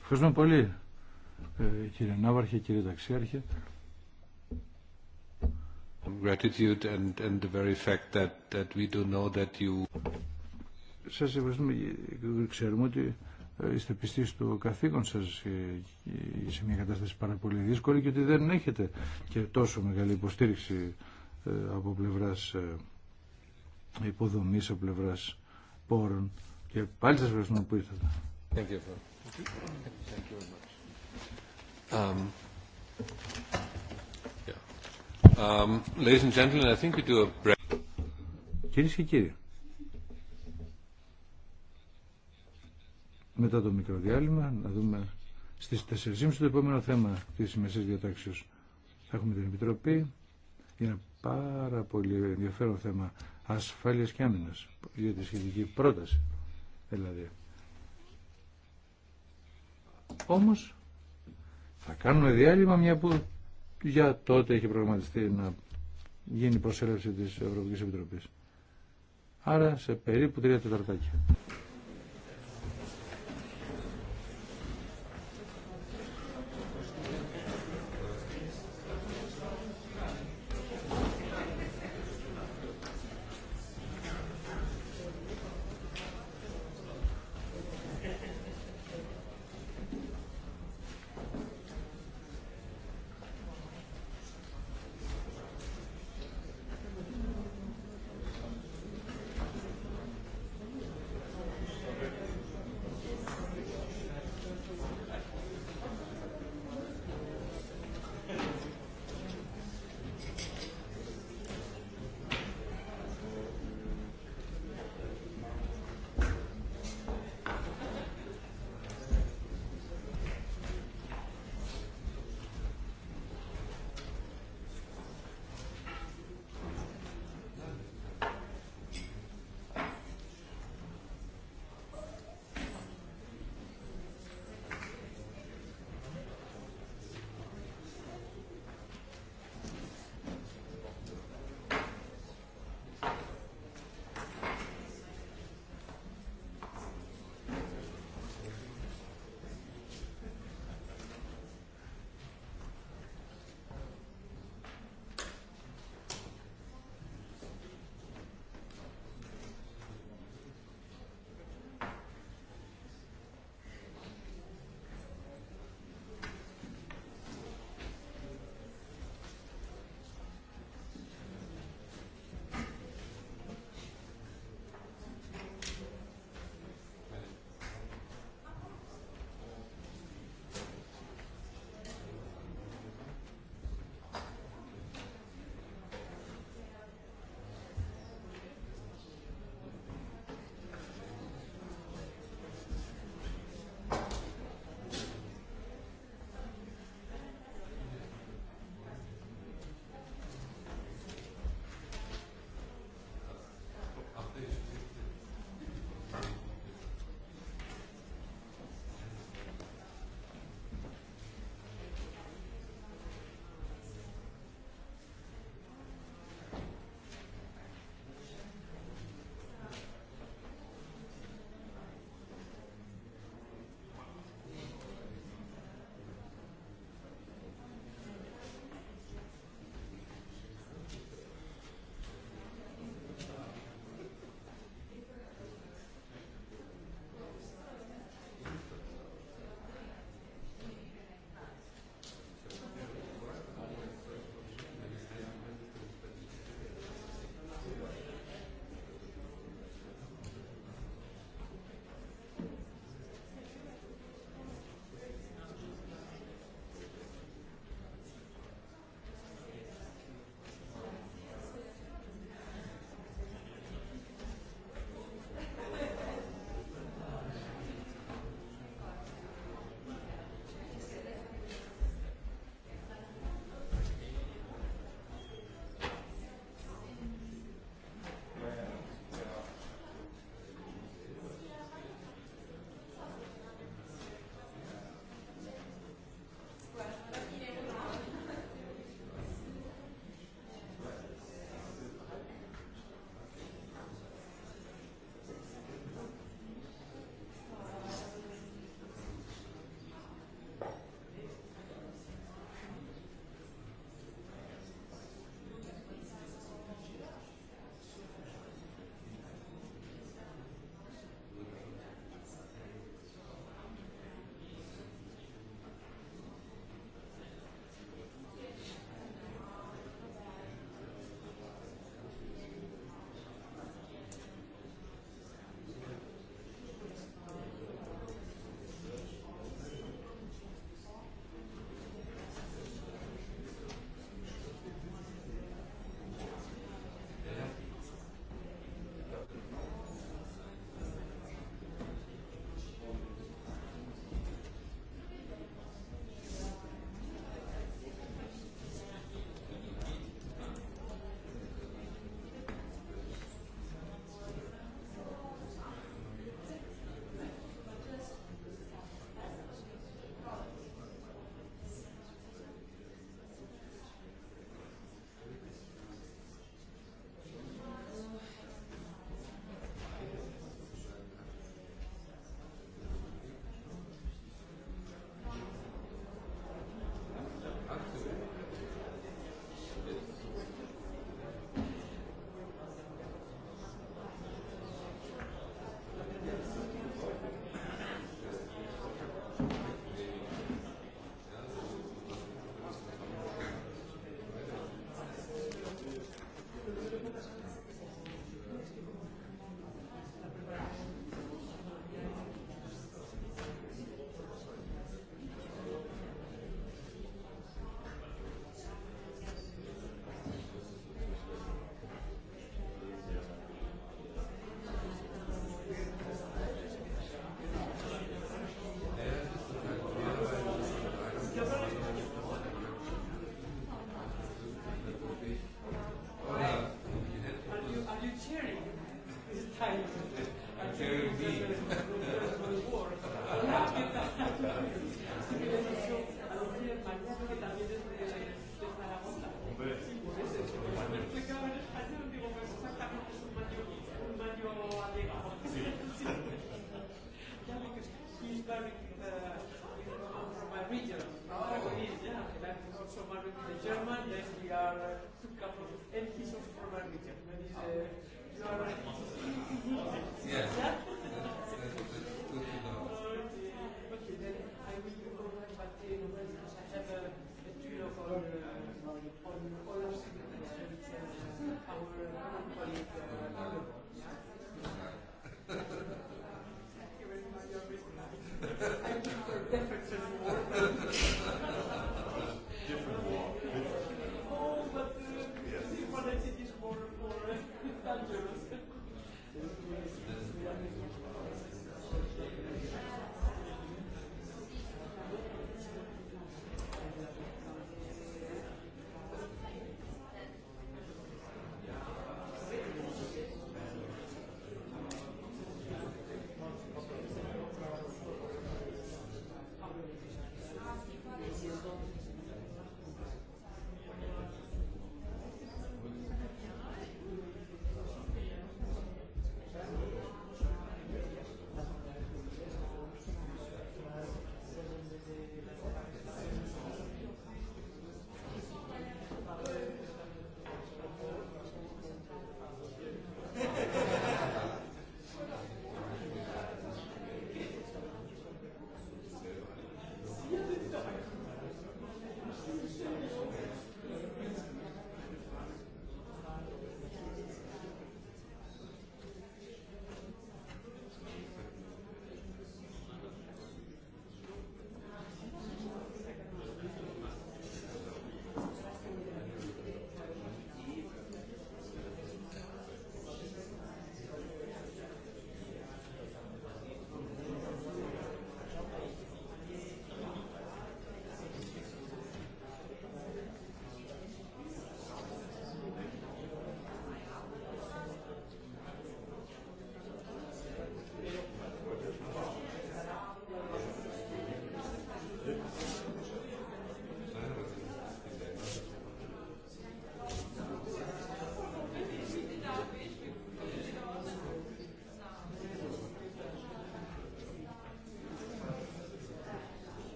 Ευχαριστούμε πολύ ε, κύριε Ναύαρχε, κύριε Ταξιάρχε. Σα ευχαριστούμε. Ξέρουμε ότι ε, είστε πιστοί στο καθήκον σας ε, σε μια κατάσταση πάρα πολύ δύσκολη και ότι δεν έχετε και τόσο μεγάλη υποστήριξη ε, από πλευράς υποδομής, από πλευράς πόρων. Και πάλι σας ευχαριστούμε που ήρθατε. Thank Κυρίες και κύριοι, μετά το μικρό διάλειμμα να δούμε στις 4.30 το επόμενο θέμα της μεσής διατάξεως. Θα έχουμε την Επιτροπή για ένα πάρα πολύ ενδιαφέρον θέμα ασφάλειας και άμυνας για τη σχετική πρόταση δηλαδή. Όμως θα κάνουμε διάλειμμα μια που για τότε έχει προγραμματιστεί να γίνει η προσέλευση της Ευρωπαϊκής Επιτροπής. Άρα σε περίπου τρία τεταρτάκια. we are two couples of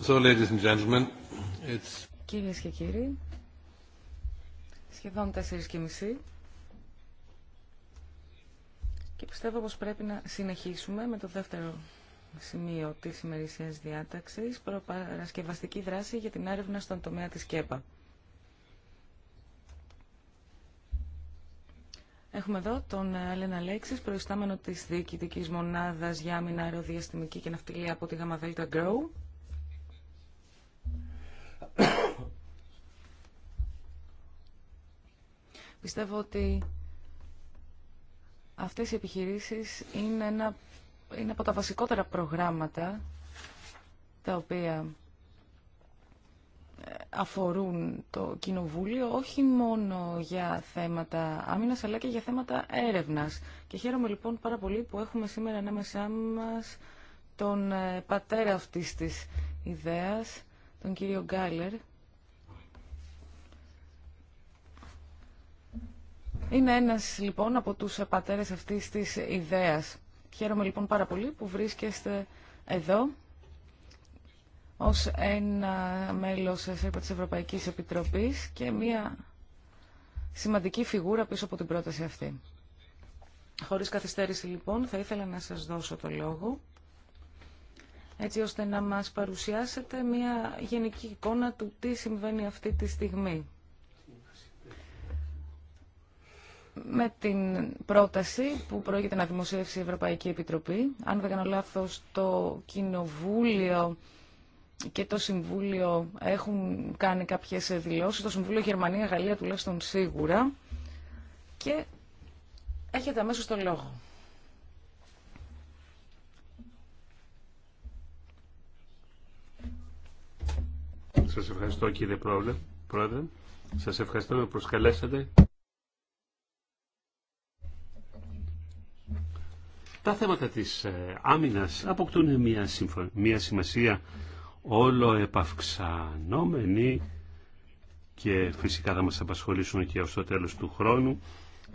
So, Κυρίες και κύριοι, σχεδόν 4.30 και πιστεύω πως πρέπει να συνεχίσουμε με το δεύτερο σημείο της ημερησίας διάταξης, προπαρασκευαστική δράση για την έρευνα στον τομέα της ΚΕΠΑ. Έχουμε εδώ τον Έλενα Λέξη, προϊστάμενο τη διοικητική μονάδα για άμυνα αεροδιαστημική και ναυτιλία από τη ΔΕΛΤΑ Grow. Πιστεύω ότι αυτές οι επιχειρήσεις είναι, ένα, είναι από τα βασικότερα προγράμματα τα οποία ε, αφορούν το Κοινοβούλιο όχι μόνο για θέματα άμυνας αλλά και για θέματα έρευνας. Και χαίρομαι λοιπόν πάρα πολύ που έχουμε σήμερα ανάμεσά μας τον ε, πατέρα αυτής της ιδέας, τον κύριο Γκάλερ, Είναι ένας λοιπόν από τους πατέρες αυτής της ιδέας. Χαίρομαι λοιπόν πάρα πολύ που βρίσκεστε εδώ ως ένα μέλος της Ευρωπαϊκής Επιτροπής και μια σημαντική φιγούρα πίσω από την πρόταση αυτή. Χωρίς καθυστέρηση λοιπόν θα ήθελα να σας δώσω το λόγο έτσι ώστε να μας παρουσιάσετε μια γενική εικόνα του τι συμβαίνει αυτή τη στιγμή. με την πρόταση που πρόκειται να δημοσιεύσει η Ευρωπαϊκή Επιτροπή. Αν δεν κάνω λάθος, το Κοινοβούλιο και το Συμβούλιο έχουν κάνει κάποιες δηλώσεις. Το Συμβούλιο Γερμανία-Γαλλία τουλάχιστον σίγουρα. Και έχετε αμέσως το λόγο. Σας ευχαριστώ κύριε Πρόεδρε. Σας ευχαριστώ που προσκαλέσατε Τα θέματα της ε, άμυνας αποκτούν μια, μια σημασία όλο επαυξανόμενη και φυσικά θα μας απασχολήσουν και ως το τέλος του χρόνου.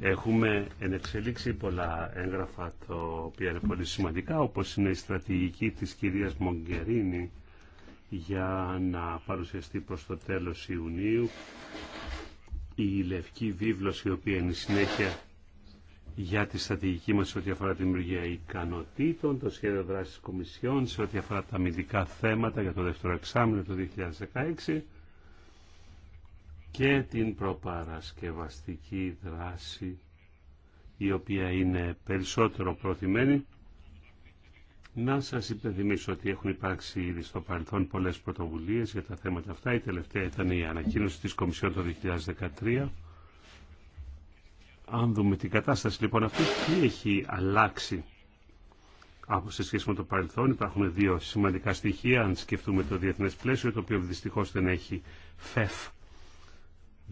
Έχουμε ενεξελίξει πολλά έγγραφα το οποία είναι πολύ σημαντικά όπως είναι η στρατηγική της κυρίας Μογκερίνη για να παρουσιαστεί προς το τέλος Ιουνίου η Λευκή Βίβλος η οποία είναι συνέχεια για τη στρατηγική μας σε ό,τι αφορά τη δημιουργία ικανοτήτων, το σχέδιο δράσης κομισιών, σε ό,τι αφορά τα αμυντικά θέματα για το δεύτερο εξάμεινο του 2016 και την προπαρασκευαστική δράση η οποία είναι περισσότερο προθυμένη. Να σας υπενθυμίσω ότι έχουν υπάρξει ήδη στο παρελθόν πολλές πρωτοβουλίες για τα θέματα αυτά. Η τελευταία ήταν η ανακοίνωση της Κομισιόν το 2013 αν δούμε την κατάσταση λοιπόν αυτή, τι έχει αλλάξει από σε σχέση με το παρελθόν. Υπάρχουν δύο σημαντικά στοιχεία, αν σκεφτούμε το διεθνές πλαίσιο, το οποίο δυστυχώς δεν έχει φεφ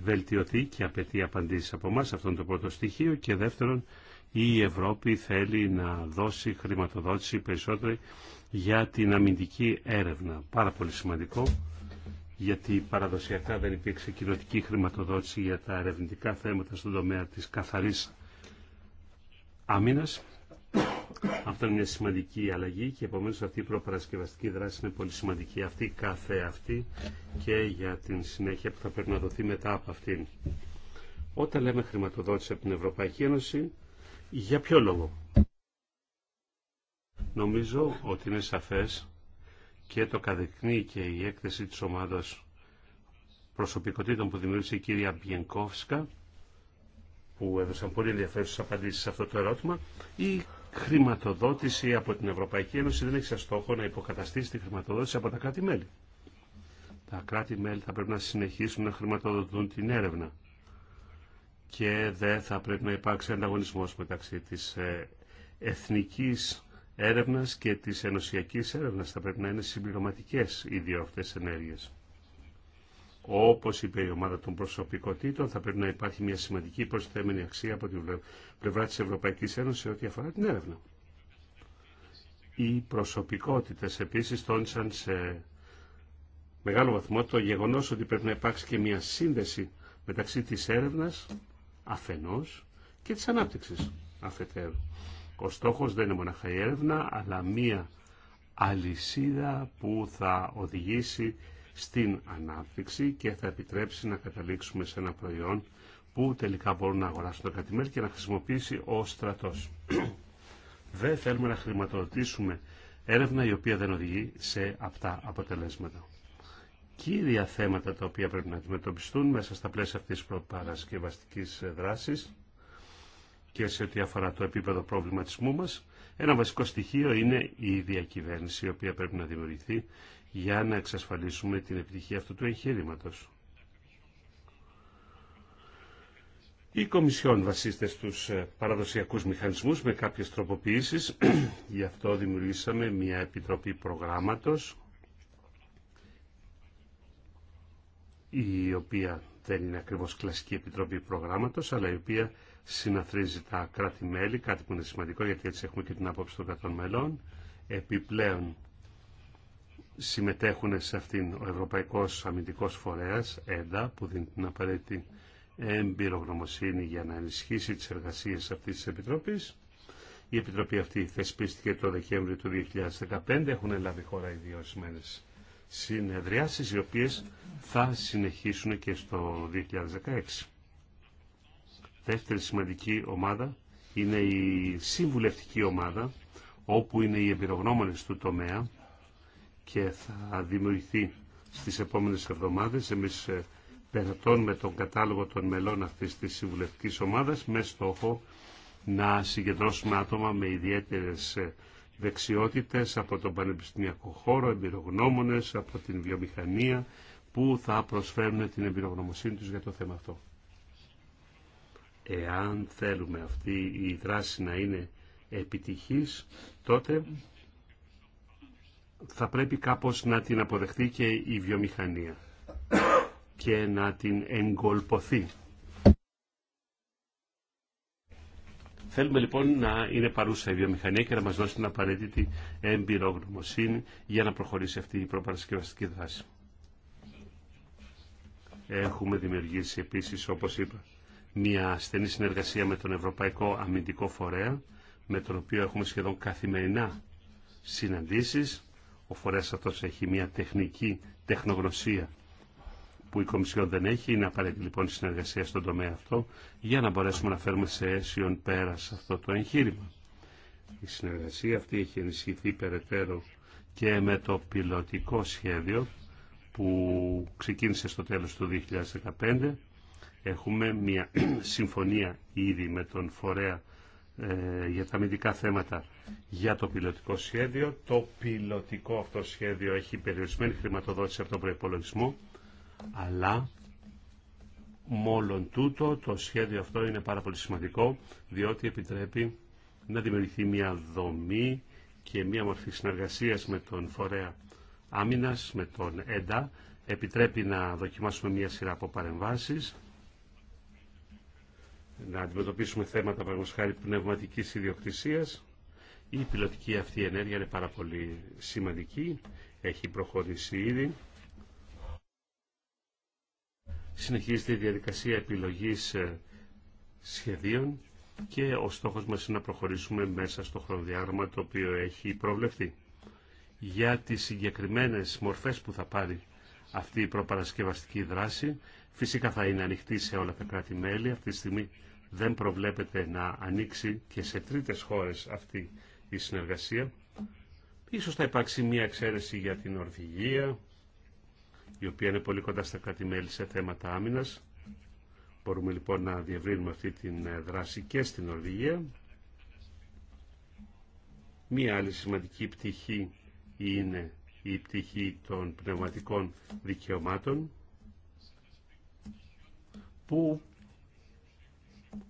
βελτιωθεί και απαιτεί απαντήσεις από εμά. Αυτό είναι το πρώτο στοιχείο. Και δεύτερον, η Ευρώπη θέλει να δώσει χρηματοδότηση περισσότερη για την αμυντική έρευνα. Πάρα πολύ σημαντικό γιατί παραδοσιακά δεν υπήρξε κοινωτική χρηματοδότηση για τα ερευνητικά θέματα στον τομέα της καθαρής άμυνας. Αυτό είναι μια σημαντική αλλαγή και επομένω αυτή η προπαρασκευαστική δράση είναι πολύ σημαντική αυτή κάθε αυτή και για την συνέχεια που θα πρέπει να δοθεί μετά από αυτήν. Όταν λέμε χρηματοδότηση από την Ευρωπαϊκή Ένωση, για ποιο λόγο. Νομίζω ότι είναι σαφές και το καδεκνή και η έκθεση της ομάδας προσωπικότητων που δημιούργησε η κυρία Μπιενκόφσκα που έδωσαν πολύ ενδιαφέρουσες απαντήσεις σε αυτό το ερώτημα η χρηματοδότηση από την Ευρωπαϊκή Ένωση δεν έχει σαν στόχο να υποκαταστήσει τη χρηματοδότηση από τα κράτη-μέλη. Τα κράτη-μέλη θα πρέπει να συνεχίσουν να χρηματοδοτούν την έρευνα και δεν θα πρέπει να υπάρξει ανταγωνισμός μεταξύ της ε, εθνικής Έρευνα και τη ενωσιακή έρευνα Θα πρέπει να είναι συμπληρωματικέ οι δύο αυτέ ενέργειε. Όπω είπε η ομάδα των προσωπικότητων, θα πρέπει να υπάρχει μια σημαντική προσθέμενη αξία από την πλευρά τη Ευρωπαϊκή Ένωση, ό,τι αφορά την έρευνα. Οι προσωπικότητε επίση τόνισαν σε μεγάλο βαθμό το γεγονό ότι πρέπει να υπάρξει και μια σύνδεση μεταξύ τη έρευνα, Αφενό, και τη ανάπτυξη αφετέρου. Ο στόχος δεν είναι μοναχα η έρευνα, αλλά μία αλυσίδα που θα οδηγήσει στην ανάπτυξη και θα επιτρέψει να καταλήξουμε σε ένα προϊόν που τελικά μπορούν να αγοράσουν το κατημέρι και να χρησιμοποιήσει ο στρατός. δεν θέλουμε να χρηματοδοτήσουμε έρευνα η οποία δεν οδηγεί σε αυτά αποτελέσματα. Κύρια θέματα τα οποία πρέπει να αντιμετωπιστούν μέσα στα πλαίσια αυτής της προπαρασκευαστικής δράσης και σε ό,τι αφορά το επίπεδο προβληματισμού μας. Ένα βασικό στοιχείο είναι η διακυβέρνηση η οποία πρέπει να δημιουργηθεί για να εξασφαλίσουμε την επιτυχία αυτού του εγχειρήματος. Η Κομισιόν βασίζεται στους ε, παραδοσιακούς μηχανισμούς με κάποιες τροποποιήσεις. Γι' αυτό δημιουργήσαμε μια επιτροπή προγράμματος η οποία δεν είναι ακριβώς κλασική επιτροπή προγράμματος αλλά η οποία συναθρίζει τα κράτη-μέλη, κάτι που είναι σημαντικό γιατί έτσι έχουμε και την άποψη των κρατών μελών. Επιπλέον συμμετέχουν σε αυτήν ο Ευρωπαϊκός Αμυντικός Φορέας, ΕΝΤΑ, που δίνει την απαραίτητη εμπειρογνωμοσύνη για να ενισχύσει τις εργασίες αυτής της Επιτροπής. Η Επιτροπή αυτή θεσπίστηκε το Δεκέμβριο του 2015. Έχουν λάβει χώρα οι δύο σημαίνες συνεδριάσεις, οι οποίες θα συνεχίσουν και στο 2016. Δεύτερη σημαντική ομάδα είναι η συμβουλευτική ομάδα, όπου είναι οι εμπειρογνώμονες του τομέα και θα δημιουργηθεί στις επόμενες εβδομάδες. Εμείς ε, περατώνουμε τον κατάλογο των μελών αυτής της συμβουλευτικής ομάδας με στόχο να συγκεντρώσουμε άτομα με ιδιαίτερες ε, δεξιότητες από τον πανεπιστημιακό χώρο, εμπειρογνώμονες, από την βιομηχανία, που θα προσφέρουν την εμπειρογνωμοσύνη τους για το θέμα αυτό. Εάν θέλουμε αυτή η δράση να είναι επιτυχής, τότε θα πρέπει κάπως να την αποδεχτεί και η βιομηχανία και να την εγκολποθεί. Θέλουμε λοιπόν να είναι παρούσα η βιομηχανία και να μας δώσει την απαραίτητη εμπειρογνωμοσύνη για να προχωρήσει αυτή η προπαρασκευαστική δράση. Έχουμε δημιουργήσει επίσης, όπως είπα, μια στενή συνεργασία με τον Ευρωπαϊκό Αμυντικό Φορέα, με τον οποίο έχουμε σχεδόν καθημερινά συναντήσεις. Ο φορέας αυτός έχει μια τεχνική τεχνογνωσία που η Κομισιόν δεν έχει. Είναι απαραίτητη λοιπόν η συνεργασία στον τομέα αυτό για να μπορέσουμε να φέρουμε σε αίσιον πέρα σε αυτό το εγχείρημα. Η συνεργασία αυτή έχει ενισχυθεί περαιτέρω και με το πιλωτικό σχέδιο που ξεκίνησε στο τέλος του 2015 Έχουμε μια συμφωνία ήδη με τον φορέα ε, για τα αμυντικά θέματα για το πιλωτικό σχέδιο. Το πιλωτικό αυτό σχέδιο έχει περιορισμένη χρηματοδότηση από τον προπολογισμό, αλλά μόλον τούτο το σχέδιο αυτό είναι πάρα πολύ σημαντικό, διότι επιτρέπει να δημιουργηθεί μια δομή και μια μορφή συνεργασίας με τον φορέα άμυνας, με τον ΕΝΤΑ, επιτρέπει να δοκιμάσουμε μια σειρά από παρεμβάσεις να αντιμετωπίσουμε θέματα παραγωγικά πνευματικής ιδιοκτησίας. Η πιλωτική αυτή ενέργεια είναι πάρα πολύ σημαντική, έχει προχωρήσει ήδη. Συνεχίζεται η διαδικασία επιλογής ε, σχεδίων και ο στόχος μας είναι να προχωρήσουμε μέσα στο χρονοδιάγραμμα το οποίο έχει προβλεφθεί. Για τις συγκεκριμένες μορφές που θα πάρει αυτή η προπαρασκευαστική δράση, φυσικά θα είναι ανοιχτή σε όλα τα κράτη-μέλη. Αυτή τη στιγμή δεν προβλέπεται να ανοίξει και σε τρίτες χώρες αυτή η συνεργασία. Ίσως θα υπάρξει μία εξαίρεση για την Ορβηγία, η οποία είναι πολύ κοντά στα κρατημέλη σε θέματα άμυνας. Μπορούμε λοιπόν να διευρύνουμε αυτή την ε, δράση και στην Ορβηγία. Μία άλλη σημαντική πτυχή είναι η πτυχή των πνευματικών δικαιωμάτων που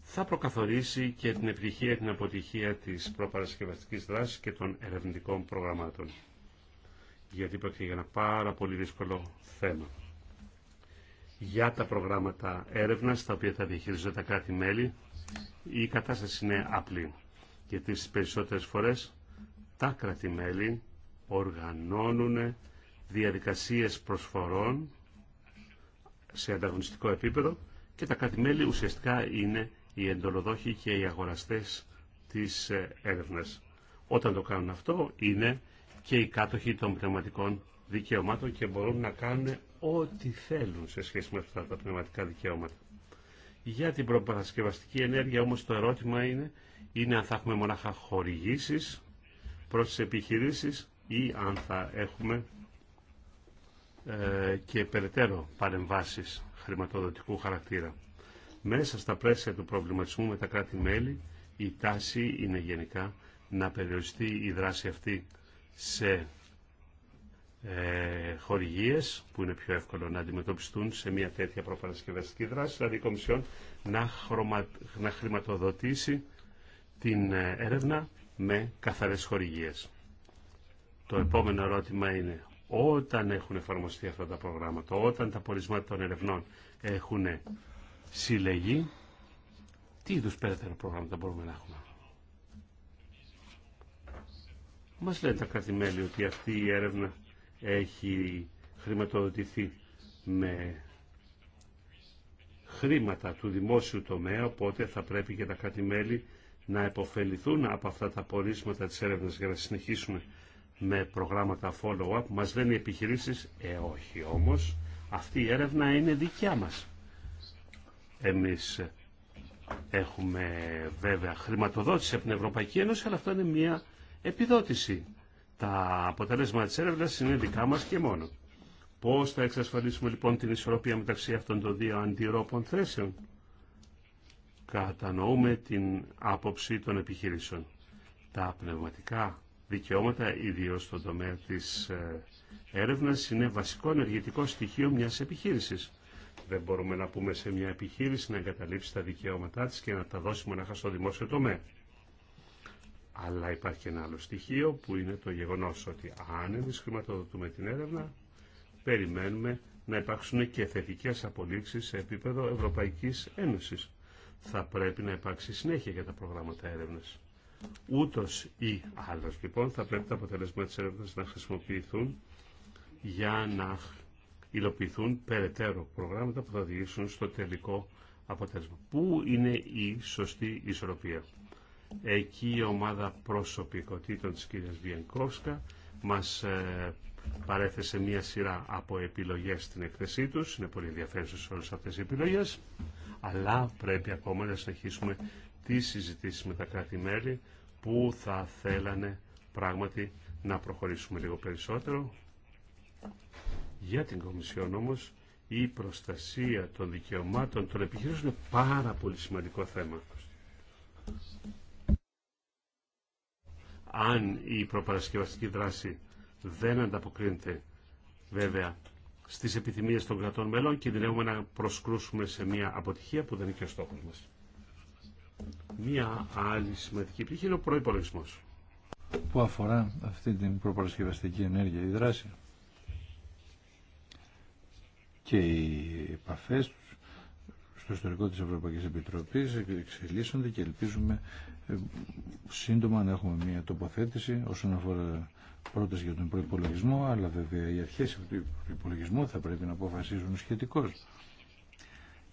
θα προκαθορίσει και την επιτυχία την αποτυχία της προπαρασκευαστικής δράσης και των ερευνητικών προγραμμάτων. Γιατί πρόκειται για ένα πάρα πολύ δύσκολο θέμα. Για τα προγράμματα έρευνας, τα οποία θα διαχειριζόνται τα κράτη-μέλη, η κατάσταση είναι απλή. Γιατί στις περισσότερες φορές τα κράτη-μέλη οργανώνουν διαδικασίες προσφορών σε ανταγωνιστικό επίπεδο και τα κράτη-μέλη ουσιαστικά είναι οι εντολοδόχοι και οι αγοραστές της ε, έρευνας. Όταν το κάνουν αυτό είναι και οι κάτοχοι των πνευματικών δικαιωμάτων και μπορούν να κάνουν ό,τι θέλουν σε σχέση με αυτά τα πνευματικά δικαιώματα. Για την προπαρασκευαστική ενέργεια όμως το ερώτημα είναι, είναι αν θα έχουμε μονάχα χορηγήσεις προς τις επιχειρήσεις ή αν θα έχουμε ε, και περαιτέρω παρεμβάσεις χρηματοδοτικού χαρακτήρα. Μέσα στα πλαίσια του προβληματισμού με τα κράτη-μέλη, η τάση είναι γενικά να περιοριστεί η δράση αυτή σε ε, χορηγίες που είναι πιο εύκολο να αντιμετωπιστούν σε μια τέτοια προπαρασκευαστική δράση, δηλαδή η Κομισιόν να, να χρηματοδοτήσει την ε, έρευνα με καθαρές χορηγίες. Το επόμενο ερώτημα είναι όταν έχουν εφαρμοστεί αυτά τα προγράμματα, όταν τα πορισμάτια των ερευνών έχουν συλλεγεί, τι είδους περαιτέρω προγράμματα μπορούμε να έχουμε. Μας λένε τα κρατημέλη ότι αυτή η έρευνα έχει χρηματοδοτηθεί με χρήματα του δημόσιου τομέα, οπότε θα πρέπει και τα κρατημέλη να επωφεληθούν από αυτά τα πορίσματα της έρευνας για να συνεχίσουν με προγράμματα follow-up. Μας λένε οι επιχειρήσεις, ε όχι όμως, αυτή η έρευνα είναι δικιά μας. Εμείς έχουμε βέβαια χρηματοδότηση από την Ευρωπαϊκή Ένωση, αλλά αυτό είναι μια επιδότηση. Τα αποτελέσματα της έρευνας είναι δικά μας και μόνο. Πώς θα εξασφαλίσουμε λοιπόν την ισορροπία μεταξύ αυτών των δύο αντιρρόπων θέσεων. Κατανοούμε την άποψη των επιχειρήσεων. Τα πνευματικά δικαιώματα, ιδίω στον τομέα τη ε, έρευνα είναι βασικό ενεργητικό στοιχείο μια επιχείρηση. Δεν μπορούμε να πούμε σε μια επιχείρηση να εγκαταλείψει τα δικαιώματά τη και να τα δώσει μονάχα στο δημόσιο τομέα. Αλλά υπάρχει και ένα άλλο στοιχείο που είναι το γεγονό ότι αν εμεί χρηματοδοτούμε την έρευνα, περιμένουμε να υπάρξουν και θετικές απολύξεις σε επίπεδο Ευρωπαϊκής Ένωσης. Θα πρέπει να υπάρξει συνέχεια για τα προγράμματα έρευνας. Ούτως ή άλλως λοιπόν θα πρέπει τα αποτελέσματα της έρευνας να χρησιμοποιηθούν για να υλοποιηθούν περαιτέρω προγράμματα που θα οδηγήσουν στο τελικό αποτέλεσμα. Πού είναι η σωστή ισορροπία. Εκεί η ομάδα προσωπικότητων της κυρίας Βιενκόφσκα μας ε, παρέθεσε μία σειρά από επιλογές στην εκθεσή τους. Είναι πολύ ενδιαφέρουσες όλες αυτές οι επιλογές. Αλλά πρέπει ακόμα να συνεχίσουμε τις συζητήσεις με τα κράτη-μέλη που θα θέλανε πράγματι να προχωρήσουμε λίγο περισσότερο. Για την Κομισιόν όμως η προστασία των δικαιωμάτων των επιχειρήσεων είναι πάρα πολύ σημαντικό θέμα. Αν η προπαρασκευαστική δράση δεν ανταποκρίνεται βέβαια στις επιθυμίες των κρατών μελών κινδυνεύουμε να προσκρούσουμε σε μια αποτυχία που δεν είναι και ο στόχος μας. Μία άλλη σημαντική πτυχή είναι ο προπολογισμό. Που αφορά αυτή την προπαρασκευαστική ενέργεια, η δράση και οι επαφέ στο ιστορικό τη Ευρωπαϊκή Επιτροπή εξελίσσονται και ελπίζουμε ε, σύντομα να έχουμε μια τοποθέτηση όσον αφορά πρόταση για τον προπολογισμό, αλλά βέβαια οι αρχέ του προϋπολογισμού θα πρέπει να αποφασίζουν σχετικώ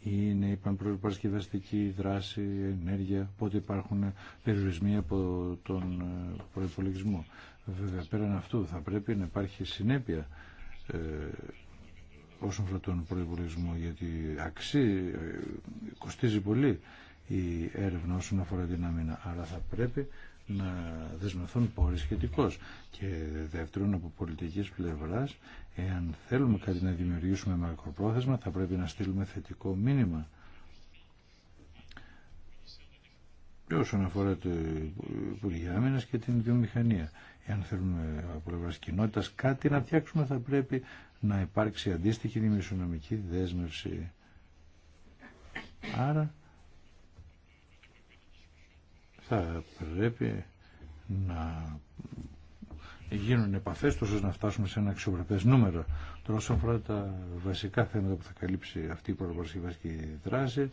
είναι, είπαν, προπαρασκευαστική δράση, ενέργεια, πότε υπάρχουν περιορισμοί από τον ε, προπολογισμό. Βέβαια, πέραν αυτού θα πρέπει να υπάρχει συνέπεια ε, όσον αφορά τον προπολογισμό, γιατί αξίζει, ε, κοστίζει πολύ η έρευνα όσον αφορά την άμυνα. Άρα θα πρέπει να δεσμευθούν πόροι σχετικώ. Και δεύτερον, από πολιτική πλευρά, εάν θέλουμε κάτι να δημιουργήσουμε μακροπρόθεσμα, θα πρέπει να στείλουμε θετικό μήνυμα. Και όσον αφορά το Υπουργείο Άμυνα και την βιομηχανία. Εάν θέλουμε από πλευρά κοινότητα κάτι να φτιάξουμε, θα πρέπει να υπάρξει αντίστοιχη δημοσιονομική δέσμευση. Άρα θα πρέπει να γίνουν επαφές τόσο να φτάσουμε σε ένα αξιοπρεπές νούμερο. Τώρα όσον αφορά τα βασικά θέματα που θα καλύψει αυτή η προπαρασκευαστική δράση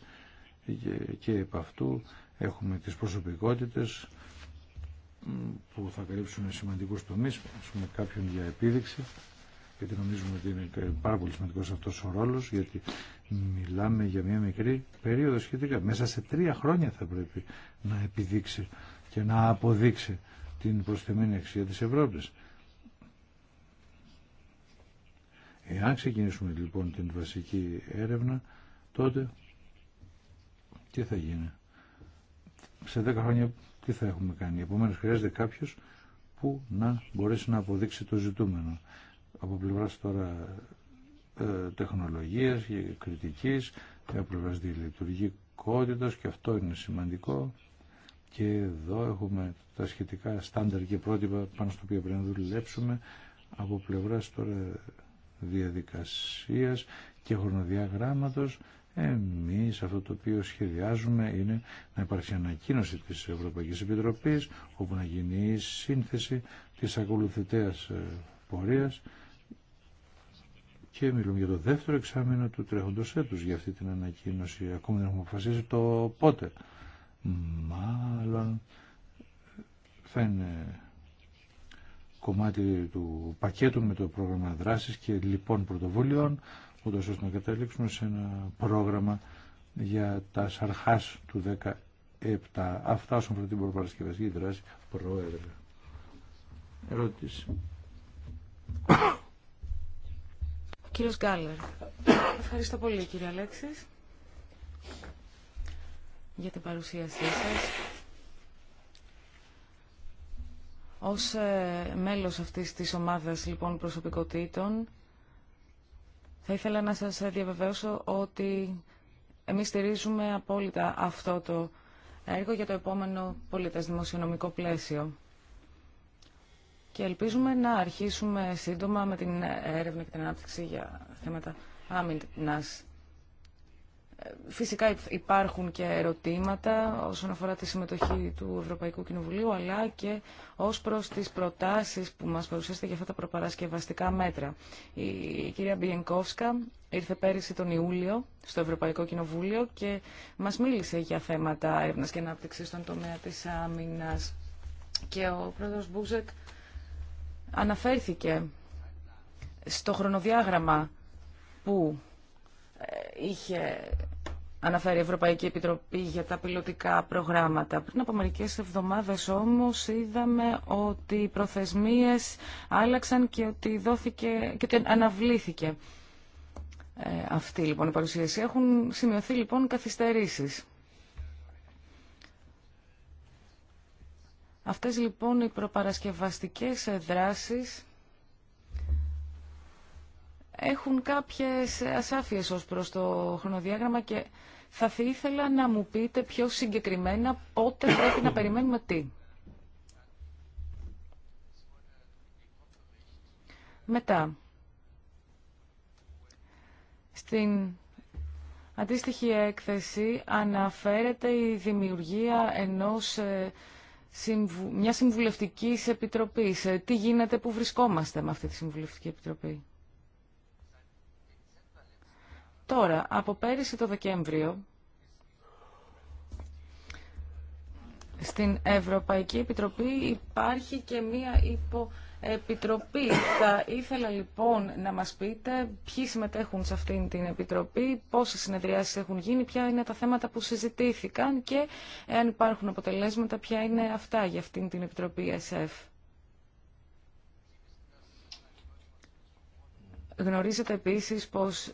και επ' αυτού έχουμε τις προσωπικότητες που θα καλύψουν σημαντικούς τομείς, με κάποιον για επίδειξη γιατί νομίζουμε ότι είναι πάρα πολύ σημαντικό αυτό ο ρόλος, γιατί μιλάμε για μια μικρή περίοδο σχετικά. Μέσα σε τρία χρόνια θα πρέπει να επιδείξει και να αποδείξει την προσθεμένη αξία της Ευρώπης. Εάν ξεκινήσουμε λοιπόν την βασική έρευνα, τότε τι θα γίνει. Σε δέκα χρόνια τι θα έχουμε κάνει. Επομένως χρειάζεται κάποιος που να μπορέσει να αποδείξει το ζητούμενο από πλευρά τώρα ε, και κριτικής, από πλευράς λειτουργικότητα και αυτό είναι σημαντικό. Και εδώ έχουμε τα σχετικά στάνταρ και πρότυπα πάνω στο οποίο πρέπει να δουλέψουμε από πλευράς τώρα διαδικασίας και χρονοδιαγράμματος εμείς αυτό το οποίο σχεδιάζουμε είναι να υπάρξει ανακοίνωση της Ευρωπαϊκής Επιτροπής όπου να γίνει η σύνθεση της ακολουθητέας ε, πορείας και μιλούμε για το δεύτερο εξάμεινο του τρέχοντος έτους για αυτή την ανακοίνωση. Ακόμη δεν έχουμε αποφασίσει το πότε. Μάλλον θα είναι κομμάτι του πακέτου με το πρόγραμμα δράσης και λοιπόν πρωτοβουλειών, ούτως ώστε να καταλήξουμε σε ένα πρόγραμμα για τα σαρχάς του 17. Αυτά όσον αφορά την προπαρασκευαστική δράση, Πρόεδρε. Ερώτηση. Κύριος Γκάλερ. Ευχαριστώ πολύ κύριε Αλέξης για την παρουσίασή σας. Ως ε, μέλος αυτής της ομάδας λοιπόν προσωπικότητων θα ήθελα να σας ε, διαβεβαίωσω ότι εμείς στηρίζουμε απόλυτα αυτό το έργο για το επόμενο πολίτες δημοσιονομικό πλαίσιο και ελπίζουμε να αρχίσουμε σύντομα με την έρευνα και την ανάπτυξη για θέματα άμυνας. Ε, φυσικά υπάρχουν και ερωτήματα όσον αφορά τη συμμετοχή του Ευρωπαϊκού Κοινοβουλίου αλλά και ως προς τις προτάσεις που μας παρουσιάσετε για αυτά τα προπαρασκευαστικά μέτρα. Η κυρία Μπιενκόφσκα ήρθε πέρυσι τον Ιούλιο στο Ευρωπαϊκό Κοινοβούλιο και μας μίλησε για θέματα έρευνας και ανάπτυξης στον τομέα της άμυνας και ο πρόεδρος Μπούζεκ αναφέρθηκε στο χρονοδιάγραμμα που ε, είχε αναφέρει η Ευρωπαϊκή Επιτροπή για τα πιλωτικά προγράμματα. Πριν από μερικές εβδομάδες όμως είδαμε ότι οι προθεσμίες άλλαξαν και ότι, δόθηκε, και ότι αναβλήθηκε ε, αυτή λοιπόν η παρουσίαση. Έχουν σημειωθεί λοιπόν καθυστερήσεις. Αυτές λοιπόν οι προπαρασκευαστικές δράσεις έχουν κάποιες ασάφειες ως προς το χρονοδιάγραμμα και θα ήθελα να μου πείτε πιο συγκεκριμένα πότε πρέπει να περιμένουμε τι. Μετά, στην αντίστοιχη έκθεση αναφέρεται η δημιουργία ενός ε, μια συμβουλευτική επιτροπή. Ε, τι γίνεται, που βρισκόμαστε με αυτή τη συμβουλευτική επιτροπή. Τώρα, από πέρυσι το Δεκέμβριο, στην Ευρωπαϊκή Επιτροπή υπάρχει και μία υπο Επιτροπή. Θα ήθελα λοιπόν να μας πείτε ποιοι συμμετέχουν σε αυτήν την Επιτροπή, πόσες συνεδριάσεις έχουν γίνει, ποια είναι τα θέματα που συζητήθηκαν και εάν υπάρχουν αποτελέσματα, ποια είναι αυτά για αυτήν την Επιτροπή ΕΣΕΦ. Γνωρίζετε επίσης πως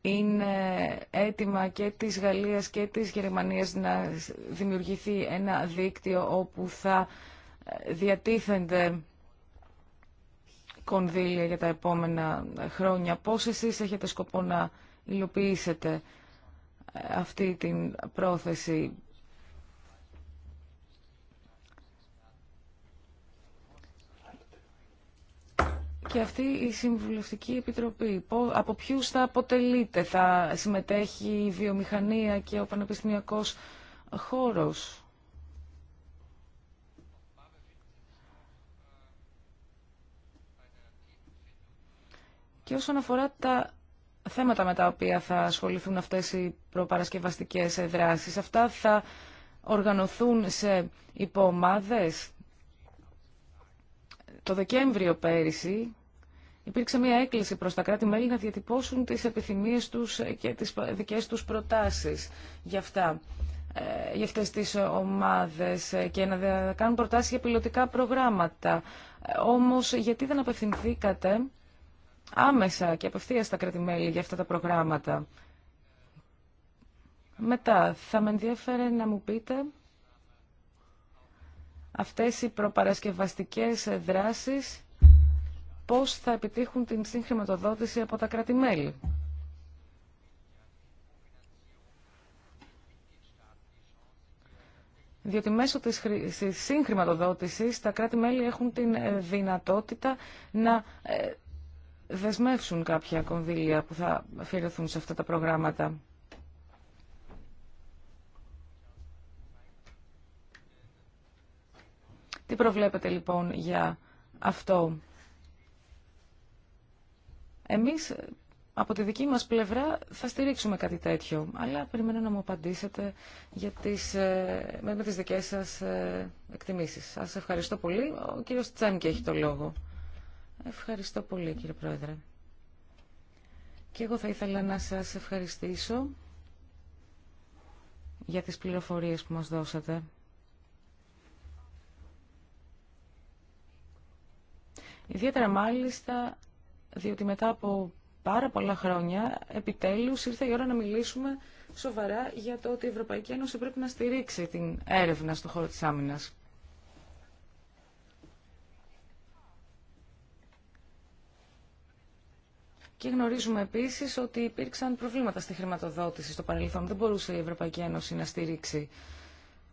είναι έτοιμα και της Γαλλίας και της Γερμανίας να δημιουργηθεί ένα δίκτυο όπου θα ε, διατίθενται κονδύλια για τα επόμενα χρόνια. Πώς εσείς έχετε σκοπό να υλοποιήσετε ε, αυτή την πρόθεση. Και αυτή η Συμβουλευτική Επιτροπή, από ποιους θα αποτελείται, θα συμμετέχει η βιομηχανία και ο πανεπιστημιακός χώρος. Και όσον αφορά τα θέματα με τα οποία θα ασχοληθούν αυτές οι προπαρασκευαστικές δράσεις, αυτά θα οργανωθούν σε υποομάδες. Το Δεκέμβριο πέρυσι υπήρξε μια έκκληση προς τα κράτη-μέλη να διατυπώσουν τις επιθυμίες τους και τις δικές τους προτάσεις για αυτά ε, για αυτές τις ομάδες και να κάνουν προτάσεις για πιλωτικά προγράμματα. Ε, όμως γιατί δεν απευθυνθήκατε άμεσα και απευθεία στα κράτη-μέλη για αυτά τα προγράμματα. Μετά, θα με ενδιαφέρε να μου πείτε αυτές οι προπαρασκευαστικές δράσεις πώς θα επιτύχουν την συγχρηματοδότηση από τα κρατημέλη. διότι μέσω της σύγχρηματοδότησης τα κράτη-μέλη έχουν την ε, δυνατότητα να ε, δεσμεύσουν κάποια κονδύλια που θα αφιερωθούν σε αυτά τα προγράμματα. Τι προβλέπετε λοιπόν για αυτό. Εμείς από τη δική μας πλευρά θα στηρίξουμε κάτι τέτοιο, αλλά περιμένω να μου απαντήσετε για τις, ε, με τις δικές σας ε, εκτιμήσεις. Σας ευχαριστώ πολύ. Ο κύριος Τσάνκη έχει το λόγο. Ευχαριστώ πολύ κύριε Πρόεδρε. Και εγώ θα ήθελα να σας ευχαριστήσω για τις πληροφορίες που μας δώσατε. Ιδιαίτερα μάλιστα, διότι μετά από πάρα πολλά χρόνια, επιτέλους ήρθε η ώρα να μιλήσουμε σοβαρά για το ότι η Ευρωπαϊκή Ένωση πρέπει να στηρίξει την έρευνα στον χώρο της άμυνας. Και γνωρίζουμε επίσης ότι υπήρξαν προβλήματα στη χρηματοδότηση στο παρελθόν. Δεν μπορούσε η Ευρωπαϊκή Ένωση να στηρίξει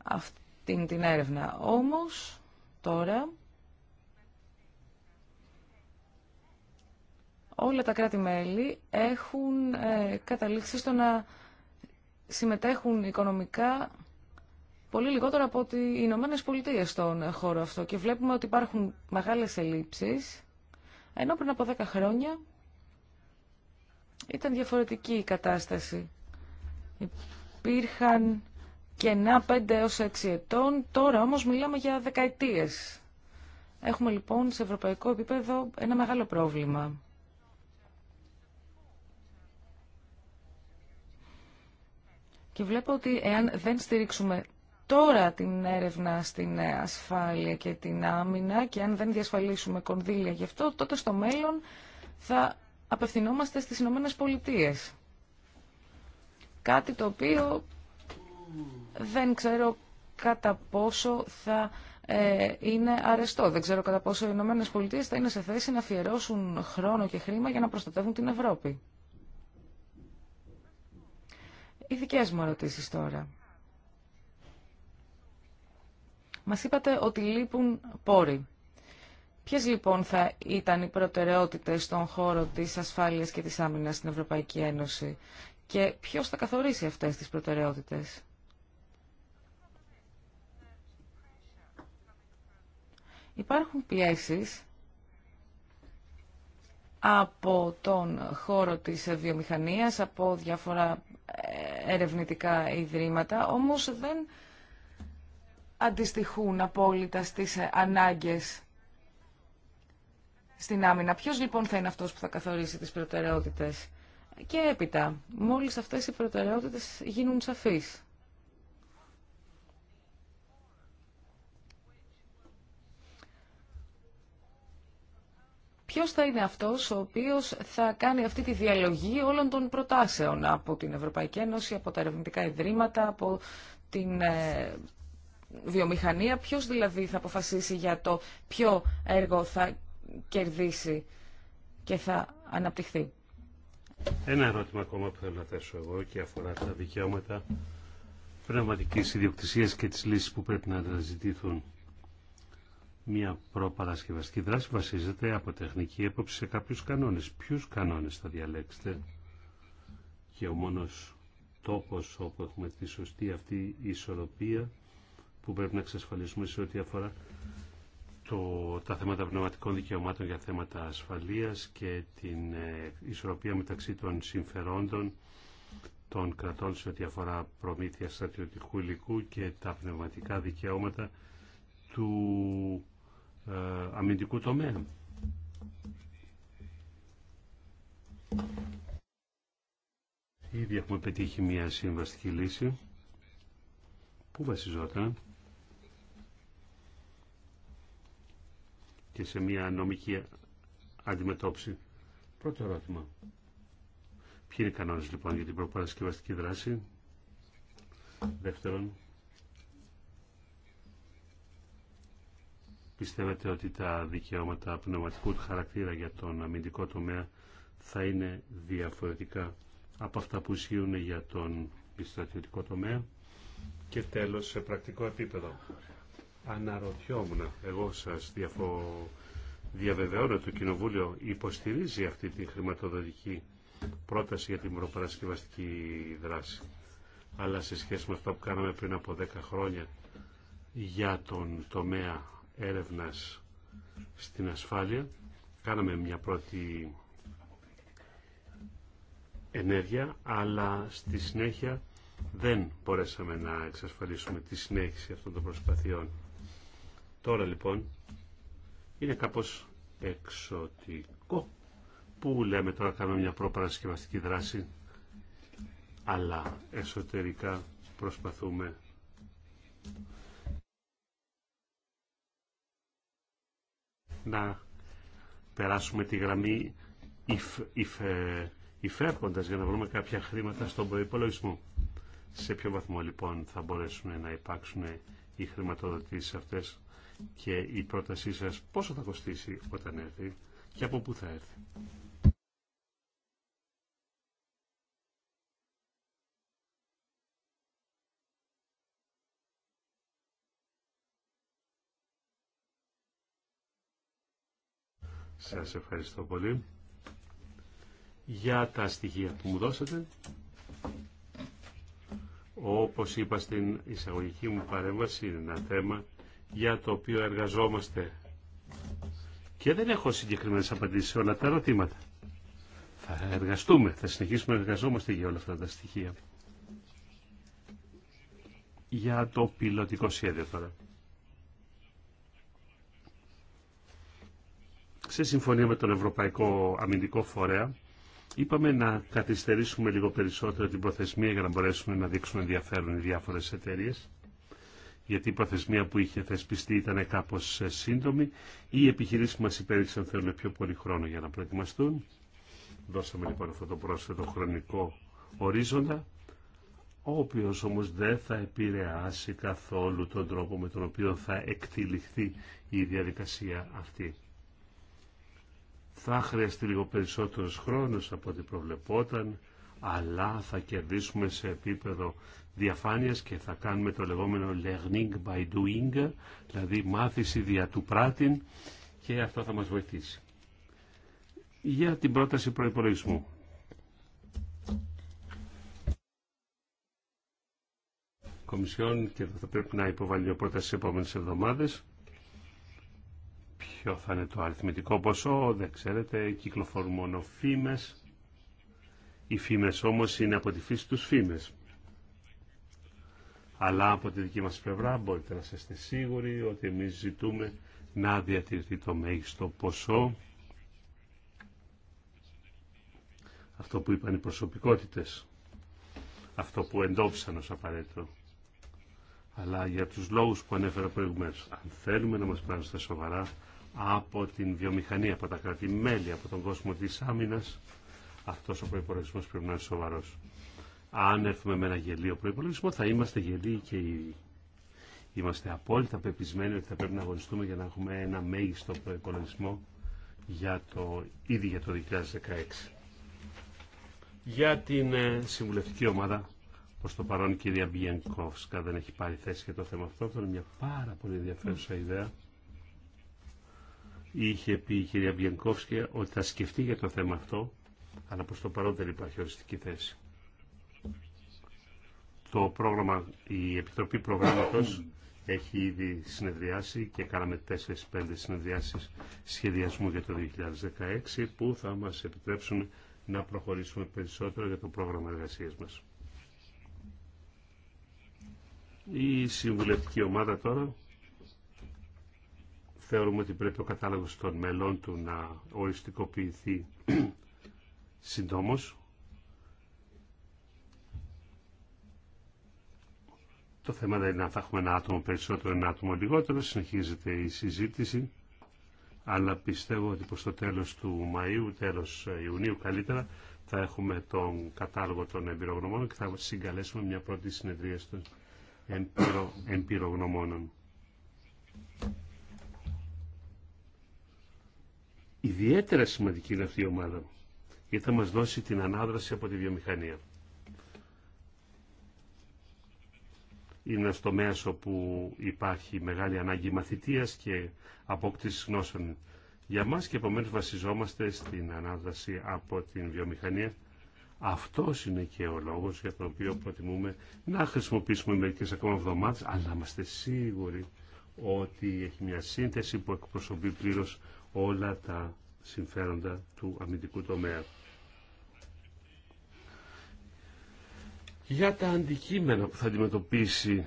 αυτή την έρευνα. Όμως, τώρα, όλα τα κράτη-μέλη έχουν ε, καταλήξει στο να συμμετέχουν οικονομικά πολύ λιγότερο από ότι οι Ηνωμένε Πολιτείε στον χώρο αυτό. Και βλέπουμε ότι υπάρχουν μεγάλες ελλείψεις, ενώ πριν από 10 χρόνια ήταν διαφορετική η κατάσταση. Υπήρχαν κενά 5 έως 6 ετών, τώρα όμως μιλάμε για δεκαετίες. Έχουμε λοιπόν σε ευρωπαϊκό επίπεδο ένα μεγάλο πρόβλημα. Και βλέπω ότι εάν δεν στηρίξουμε τώρα την έρευνα στην ασφάλεια και την άμυνα και αν δεν διασφαλίσουμε κονδύλια γι' αυτό, τότε στο μέλλον θα απευθυνόμαστε στις Ηνωμένε Πολιτείε. Κάτι το οποίο δεν ξέρω κατά πόσο θα ε, είναι αρεστό. Δεν ξέρω κατά πόσο οι Ηνωμένε Πολιτείε θα είναι σε θέση να αφιερώσουν χρόνο και χρήμα για να προστατεύουν την Ευρώπη. Οι δικές μου ερωτήσεις τώρα. Μας είπατε ότι λείπουν πόροι. Ποιε λοιπόν θα ήταν οι προτεραιότητες στον χώρο της ασφάλειας και της άμυνας στην Ευρωπαϊκή Ένωση και ποιο θα καθορίσει αυτέ τις προτεραιότητες. Υπάρχουν πιέσεις από τον χώρο της βιομηχανίας, από διάφορα ε, ερευνητικά ιδρύματα, όμως δεν αντιστοιχούν απόλυτα στις ανάγκες στην άμυνα. Ποιος λοιπόν θα είναι αυτός που θα καθορίσει τις προτεραιότητες. Και έπειτα, μόλις αυτές οι προτεραιότητες γίνουν σαφείς. Ποιος θα είναι αυτός ο οποίος θα κάνει αυτή τη διαλογή όλων των προτάσεων από την Ευρωπαϊκή Ένωση, από τα ερευνητικά ιδρύματα, από την ε, βιομηχανία. Ποιος δηλαδή θα αποφασίσει για το ποιο έργο θα κερδίσει και θα αναπτυχθεί. Ένα ερώτημα ακόμα που θέλω να θέσω εγώ και αφορά τα δικαιώματα πνευματική ιδιοκτησία και τις λύσεις που πρέπει να αναζητηθούν. Μια προπαρασκευαστική δράση βασίζεται από τεχνική έποψη σε κάποιου κανόνες. Ποιου κανόνες θα διαλέξετε και ο μόνο τόπος όπου έχουμε τη σωστή αυτή ισορροπία που πρέπει να εξασφαλίσουμε σε ό,τι αφορά το, τα θέματα πνευματικών δικαιωμάτων για θέματα ασφαλείας και την ε, ισορροπία μεταξύ των συμφερόντων των κρατών σε ό,τι αφορά προμήθεια στρατιωτικού υλικού και τα πνευματικά δικαιώματα του ε, αμυντικού τομέα. Ήδη έχουμε πετύχει μια συμβαστική λύση που βασιζόταν και σε μια νομική αντιμετώπιση. Πρώτο ερώτημα. Ποιοι είναι οι κανόνες λοιπόν για την προπαρασκευαστική δράση. Δεύτερον, πιστεύετε ότι τα δικαιώματα πνευματικού χαρακτήρα για τον αμυντικό τομέα θα είναι διαφορετικά από αυτά που ισχύουν για τον πιστρατιωτικό τομέα. Και τέλος, σε πρακτικό επίπεδο, αναρωτιόμουν. Εγώ σας διαφο... διαβεβαιώνω το Κοινοβούλιο υποστηρίζει αυτή τη χρηματοδοτική πρόταση για την προπαρασκευαστική δράση. Αλλά σε σχέση με αυτό που κάναμε πριν από 10 χρόνια για τον τομέα έρευνας στην ασφάλεια, κάναμε μια πρώτη ενέργεια, αλλά στη συνέχεια δεν μπορέσαμε να εξασφαλίσουμε τη συνέχιση αυτών των προσπαθειών. Τώρα λοιπόν είναι κάπως εξωτικό που λέμε τώρα κάνουμε μια προπαρασκευαστική δράση αλλά εσωτερικά προσπαθούμε να περάσουμε τη γραμμή υφ, ε, για να βρούμε κάποια χρήματα στον προϋπολογισμό. Σε ποιο βαθμό λοιπόν θα μπορέσουν να υπάρξουν οι χρηματοδοτήσεις αυτές και η πρότασή σας πόσο θα κοστίσει όταν έρθει και από πού θα έρθει. Σας ευχαριστώ πολύ για τα στοιχεία που μου δώσατε. Όπως είπα στην εισαγωγική μου παρέμβαση, είναι ένα θέμα για το οποίο εργαζόμαστε και δεν έχω συγκεκριμένες απαντήσεις σε όλα τα ερωτήματα. Θα εργαστούμε, θα συνεχίσουμε να εργαζόμαστε για όλα αυτά τα στοιχεία. Για το πιλωτικό σχέδιο τώρα. Σε συμφωνία με τον Ευρωπαϊκό Αμυντικό Φορέα, είπαμε να καθυστερήσουμε λίγο περισσότερο την προθεσμία για να μπορέσουμε να δείξουμε ενδιαφέρον οι διάφορες εταιρείες γιατί η προθεσμία που είχε θεσπιστεί ήταν κάπως ε, σύντομη. Οι επιχειρήσεις μα υπέδειξαν θέλουν πιο πολύ χρόνο για να προετοιμαστούν. Δώσαμε λοιπόν αυτό το πρόσθετο χρονικό ορίζοντα, ο οποίο όμω δεν θα επηρεάσει καθόλου τον τρόπο με τον οποίο θα εκτυλιχθεί η διαδικασία αυτή. Θα χρειαστεί λίγο περισσότερο χρόνο από ό,τι προβλεπόταν, αλλά θα κερδίσουμε σε επίπεδο διαφάνειας και θα κάνουμε το λεγόμενο learning by doing, δηλαδή μάθηση δια του πράτην και αυτό θα μας βοηθήσει. Για την πρόταση προϋπολογισμού. Κομισιόν και θα πρέπει να υποβάλει ο πρόταση στις επόμενες εβδομάδες. Ποιο θα είναι το αριθμητικό ποσό, δεν ξέρετε, κυκλοφορούν μόνο φήμες. Οι φήμες όμως είναι από τη φύση τους φήμες. Αλλά από τη δική μας πλευρά μπορείτε να είστε σίγουροι ότι εμείς ζητούμε να διατηρηθεί το μέγιστο ποσό. Αυτό που είπαν οι προσωπικότητες, αυτό που εντόπισαν ως απαραίτητο. Αλλά για τους λόγους που ανέφερα προηγουμένως, αν θέλουμε να μας πάρουν σοβαρά από την βιομηχανία, από τα κρατημέλη, από τον κόσμο της άμυνας, αυτός ο προϋπολογισμός πρέπει να είναι σοβαρός. Αν έρθουμε με ένα γελίο προπολογισμό, θα είμαστε γελοί και είμαστε απόλυτα πεπισμένοι ότι θα πρέπει να αγωνιστούμε για να έχουμε ένα μέγιστο προπολογισμό για το, ήδη για το 2016. Για την ε, συμβουλευτική ομάδα, προ το παρόν η κυρία Μπιενκόφσκα δεν έχει πάρει θέση για το θέμα αυτό. Αυτό είναι μια πάρα πολύ ενδιαφέρουσα ιδέα. Είχε πει η κυρία Μπιενκόφσκα ότι θα σκεφτεί για το θέμα αυτό, αλλά προ το παρόν δεν υπάρχει οριστική θέση το πρόγραμμα, η Επιτροπή Προγράμματος έχει ήδη συνεδριάσει και κάναμε 4-5 συνεδριάσεις σχεδιασμού για το 2016 που θα μας επιτρέψουν να προχωρήσουμε περισσότερο για το πρόγραμμα εργασίας μας. Η συμβουλευτική ομάδα τώρα θεωρούμε ότι πρέπει ο κατάλογος των μελών του να οριστικοποιηθεί συντόμως Το θέμα δεν είναι αν θα έχουμε ένα άτομο περισσότερο, ένα άτομο λιγότερο. Συνεχίζεται η συζήτηση. Αλλά πιστεύω ότι προς το τέλος του Μαΐου, τέλος Ιουνίου καλύτερα, θα έχουμε τον κατάλογο των εμπειρογνωμόνων και θα συγκαλέσουμε μια πρώτη συνεδρία των εμπειρο, εμπειρογνωμόνων. Ιδιαίτερα σημαντική είναι αυτή η ομάδα, γιατί θα μας δώσει την ανάδραση από τη βιομηχανία. είναι στο μέσο όπου υπάρχει μεγάλη ανάγκη μαθητείας και απόκτηση γνώσεων για μας και επομένως βασιζόμαστε στην ανάδραση από την βιομηχανία. Αυτό είναι και ο λόγος για τον οποίο προτιμούμε να χρησιμοποιήσουμε μερικές ακόμα εβδομάδες, αλλά είμαστε σίγουροι ότι έχει μια σύνθεση που εκπροσωπεί πλήρως όλα τα συμφέροντα του αμυντικού τομέα. για τα αντικείμενα που θα αντιμετωπίσει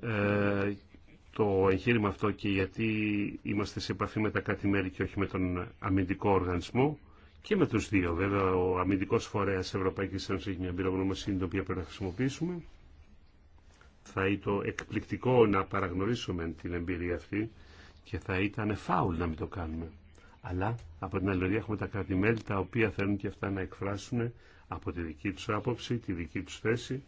ε, το εγχείρημα αυτό και γιατί είμαστε σε επαφή με τα κάτι μέρη και όχι με τον αμυντικό οργανισμό και με τους δύο. Βέβαια ο αμυντικός φορέας Ευρωπαϊκής Ένωσης έχει μια πυρογνωμοσύνη την οποία πρέπει να χρησιμοποιήσουμε. Θα ήταν εκπληκτικό να παραγνωρίσουμε την εμπειρία αυτή και θα ήταν φάουλ να μην το κάνουμε. Αλλά από την άλλη έχουμε τα κράτη-μέλη τα οποία θέλουν και αυτά να εκφράσουν από τη δική τους άποψη, τη δική τους θέση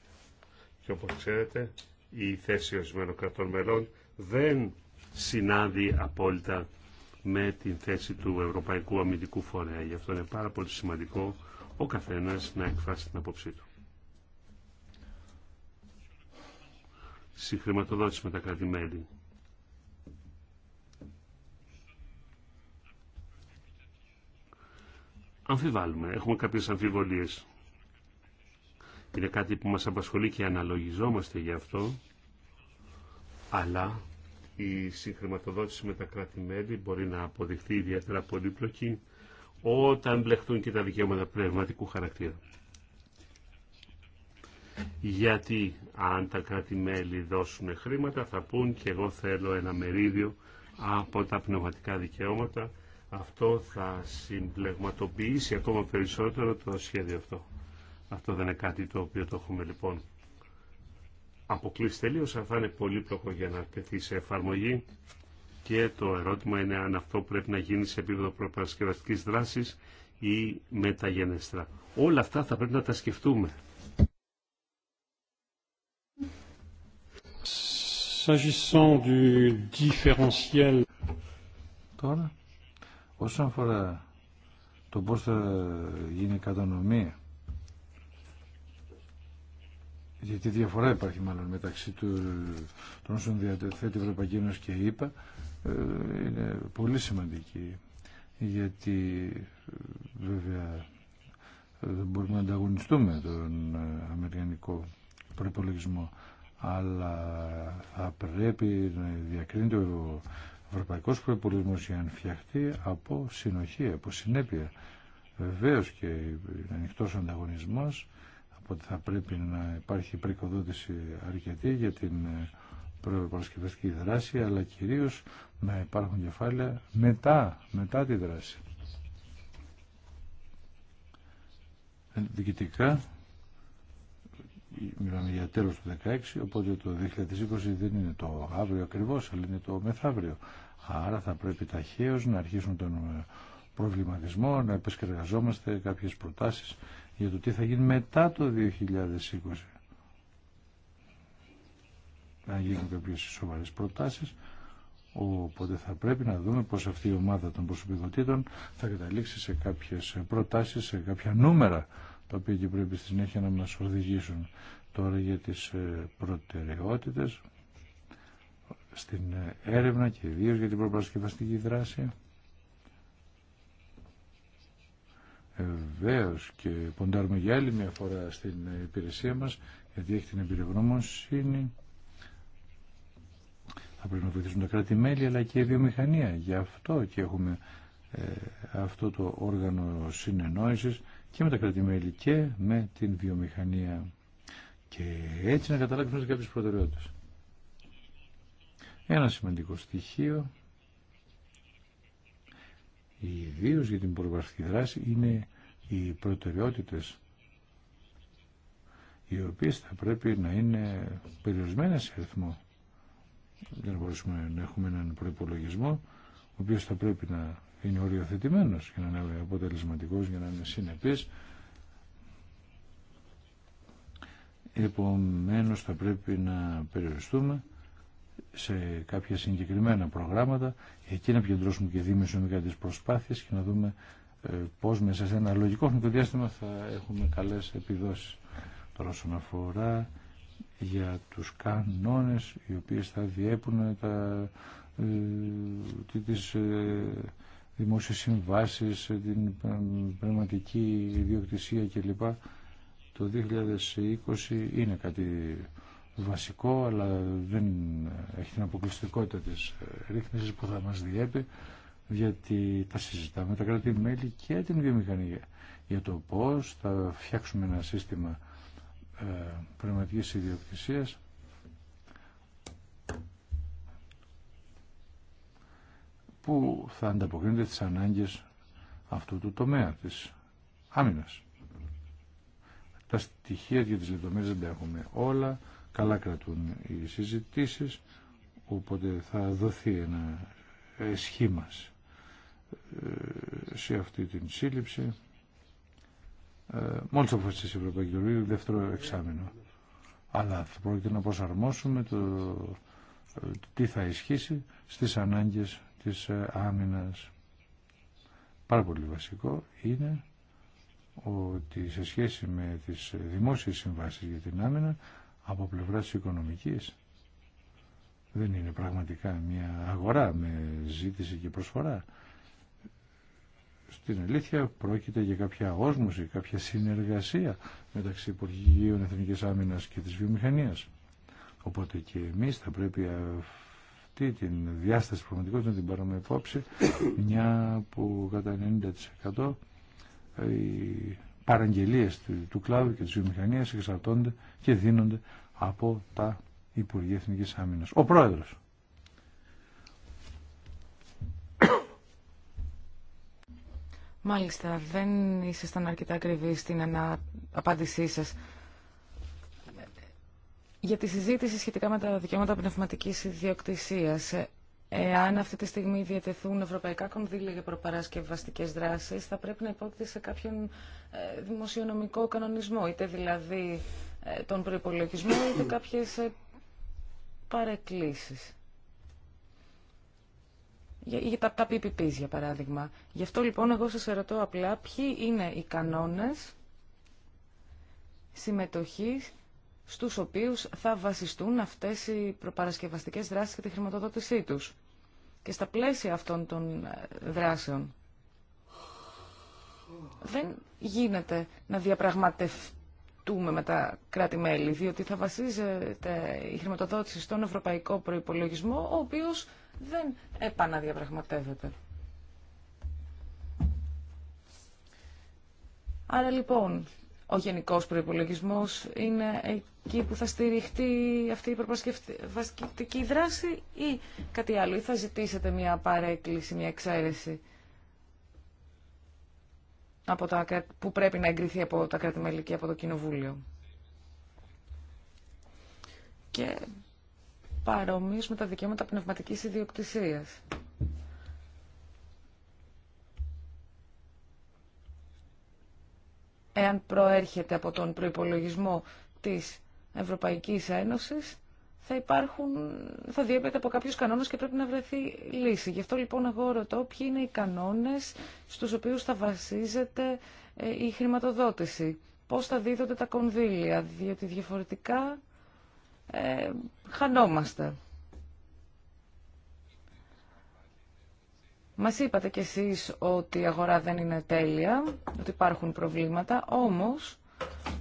και όπως ξέρετε η θέση ορισμένων κρατών μελών δεν συνάδει απόλυτα με την θέση του Ευρωπαϊκού Αμυντικού Φορέα. Γι' αυτό είναι πάρα πολύ σημαντικό ο καθένας να εκφράσει την απόψή του. Συγχρηματοδότηση με τα κρατη αμφιβάλλουμε, έχουμε κάποιες αμφιβολίες. Είναι κάτι που μας απασχολεί και αναλογιζόμαστε γι' αυτό, αλλά η συγχρηματοδότηση με τα κράτη-μέλη μπορεί να αποδειχθεί ιδιαίτερα πολύπλοκη όταν μπλεχτούν και τα δικαιώματα πνευματικού χαρακτήρα. Γιατί αν τα κράτη-μέλη δώσουν χρήματα θα πούν και εγώ θέλω ένα μερίδιο από τα πνευματικά δικαιώματα αυτό θα συμπλεγματοποιήσει ακόμα περισσότερο το σχέδιο αυτό. Αυτό δεν είναι κάτι το οποίο το έχουμε λοιπόν αποκλείσει τελείως, αλλά θα είναι πολύπλοκο για να τεθεί σε εφαρμογή. Και το ερώτημα είναι αν αυτό πρέπει να γίνει σε επίπεδο προπαρασκευαστικής δράση ή μεταγενέστρα. Όλα αυτά θα πρέπει να τα σκεφτούμε. S'agissant du différentiel. Τώρα, Όσον αφορά το πώς θα γίνει η κατανομή, γιατί διαφορά υπάρχει μάλλον μεταξύ του, των όσων διαθέτει η Ευρωπαϊκή Ένωση και η ε, είναι πολύ σημαντική, γιατί βέβαια δεν μπορούμε να ανταγωνιστούμε τον αμερικανικό προπολογισμό αλλά θα πρέπει να διακρίνεται το Ευρωπαϊκό προϋπολογισμός για να φτιαχτεί από συνοχή, από συνέπεια. Βεβαίω και είναι ανοιχτός ανταγωνισμός, οπότε θα πρέπει να υπάρχει πρικοδότηση αρκετή για την ε, προεπαρασκευαστική δράση, αλλά κυρίως να υπάρχουν κεφάλαια μετά, μετά τη δράση. Ε, διοικητικά μιλάμε για τέλος του 2016, οπότε το 2020 δεν είναι το αύριο ακριβώς, αλλά είναι το μεθαύριο. Άρα θα πρέπει ταχαίω να αρχίσουν τον ε, προβληματισμό, να επεσκεργαζόμαστε κάποιες προτάσεις για το τι θα γίνει μετά το 2020. Να γίνουν κάποιε σοβαρές προτάσεις, οπότε θα πρέπει να δούμε πω αυτή η ομάδα των προσωπικότητων θα καταλήξει σε κάποιε προτάσει σε κάποια νούμερα τα οποία και πρέπει στη συνέχεια να μας οδηγήσουν τώρα για τις ε, προτεραιότητες στην ε, έρευνα και ιδίω για την προπαρασκευαστική δράση. Βεβαίω και ποντάρουμε για άλλη μια φορά στην υπηρεσία μας γιατί έχει την εμπειρογνωμοσύνη θα πρέπει να βοηθήσουν τα κράτη-μέλη αλλά και η βιομηχανία. Γι' αυτό και έχουμε ε, αυτό το όργανο συνεννόησης και με τα κρατημέλη και με την βιομηχανία και έτσι να καταλάβουμε κάποιες προτεραιότητες. Ένα σημαντικό στοιχείο ιδίω για την προβαστική δράση είναι οι προτεραιότητες οι οποίες θα πρέπει να είναι περιορισμένες σε αριθμό. Δεν μπορούμε να έχουμε έναν προπολογισμό ο οποίος θα πρέπει να είναι οριοθετημένο για να είναι αποτελεσματικό για να είναι συνεπή. Επομένω θα πρέπει να περιοριστούμε σε κάποια συγκεκριμένα προγράμματα εκεί να επικεντρώσουμε και δημιουργικά τι προσπάθειε και να δούμε ε, πώ μέσα σε ένα λογικό χρονικό διάστημα θα έχουμε καλές επιδόσεις. Τώρα όσον αφορά για του κανόνε οι οποίε θα διέπουν τα, ε, τις ε, δημόσιες συμβάσεις, την πνευματική ιδιοκτησία κλπ. Το 2020 είναι κάτι βασικό, αλλά δεν έχει την αποκλειστικότητα της ρύθμισης που θα μας διέπει, γιατί τα συζητάμε τα κράτη-μέλη και την βιομηχανία για το πώς θα φτιάξουμε ένα σύστημα ε, πνευματικής ιδιοκτησίας που θα ανταποκρίνεται τις ανάγκες αυτού του τομέα της άμυνας. Τα στοιχεία για τις λεπτομέρειες δεν τα έχουμε όλα, καλά κρατούν οι συζητήσεις, οπότε θα δοθεί ένα ε, σχήμα ε, σε αυτή την σύλληψη. Ε, μόλις αποφασίσει η Ευρωπαϊκή δεύτερο εξάμεινο. Αλλά θα πρόκειται να προσαρμόσουμε το τι θα ισχύσει στις ανάγκες της ε, άμυνας. Πάρα πολύ βασικό είναι ότι σε σχέση με τις δημόσιες συμβάσεις για την άμυνα από πλευράς οικονομικής δεν είναι πραγματικά μια αγορά με ζήτηση και προσφορά. Στην αλήθεια πρόκειται για κάποια όσμωση, κάποια συνεργασία μεταξύ Υπουργείων Εθνικής Άμυνας και της Βιομηχανίας. Οπότε και εμείς θα πρέπει την διάσταση πραγματικότητα να την πάρουμε υπόψη, μια που κατά 90% οι παραγγελίες του, του κλάδου και της βιομηχανίας εξαρτώνται και δίνονται από τα Υπουργεία Εθνικής Άμυνας. Ο Πρόεδρος. Μάλιστα, δεν ήσασταν αρκετά ακριβή στην απάντησή σας για τη συζήτηση σχετικά με τα δικαιώματα πνευματικής ιδιοκτησία, ε, Εάν αυτή τη στιγμή διατεθούν ευρωπαϊκά κονδύλια για προπαρασκευαστικές δράσεις, θα πρέπει να υπόκειται σε κάποιον ε, δημοσιονομικό κανονισμό, είτε δηλαδή ε, τον προπολογισμό είτε κάποιες παρεκκλήσει. Για, τα, τα PPPs, για παράδειγμα. Γι' αυτό λοιπόν εγώ σα ερωτώ απλά ποιοι είναι οι κανόνε συμμετοχής Στου οποίους θα βασιστούν αυτές οι προπαρασκευαστικές δράσεις και τη χρηματοδότησή τους και στα πλαίσια αυτών των ε, δράσεων. Δεν γίνεται να διαπραγματευτούμε με τα κράτη-μέλη, διότι θα βασίζεται η χρηματοδότηση στον ευρωπαϊκό προϋπολογισμό, ο οποίος δεν επαναδιαπραγματεύεται. Άρα λοιπόν, ο γενικός προϋπολογισμός είναι εκεί που θα στηριχτεί αυτή η προπασκευτική δράση ή κάτι άλλο, ή θα ζητήσετε μια παρέκκληση, μια εξαίρεση από τα, που πρέπει να εγκριθεί από τα κράτη-μέλη και από το Κοινοβούλιο. Και παρομοίως με τα δικαιώματα πνευματικής ιδιοκτησίας. εάν προέρχεται από τον προϋπολογισμό της Ευρωπαϊκής Ένωσης, θα υπάρχουν, θα διέπεται από κάποιους κανόνες και πρέπει να βρεθεί λύση. Γι' αυτό λοιπόν εγώ ρωτώ ποιοι είναι οι κανόνες στους οποίους θα βασίζεται ε, η χρηματοδότηση. Πώς θα δίδονται τα κονδύλια, διότι διαφορετικά ε, χανόμαστε. Μας είπατε κι εσείς ότι η αγορά δεν είναι τέλεια, ότι υπάρχουν προβλήματα, όμως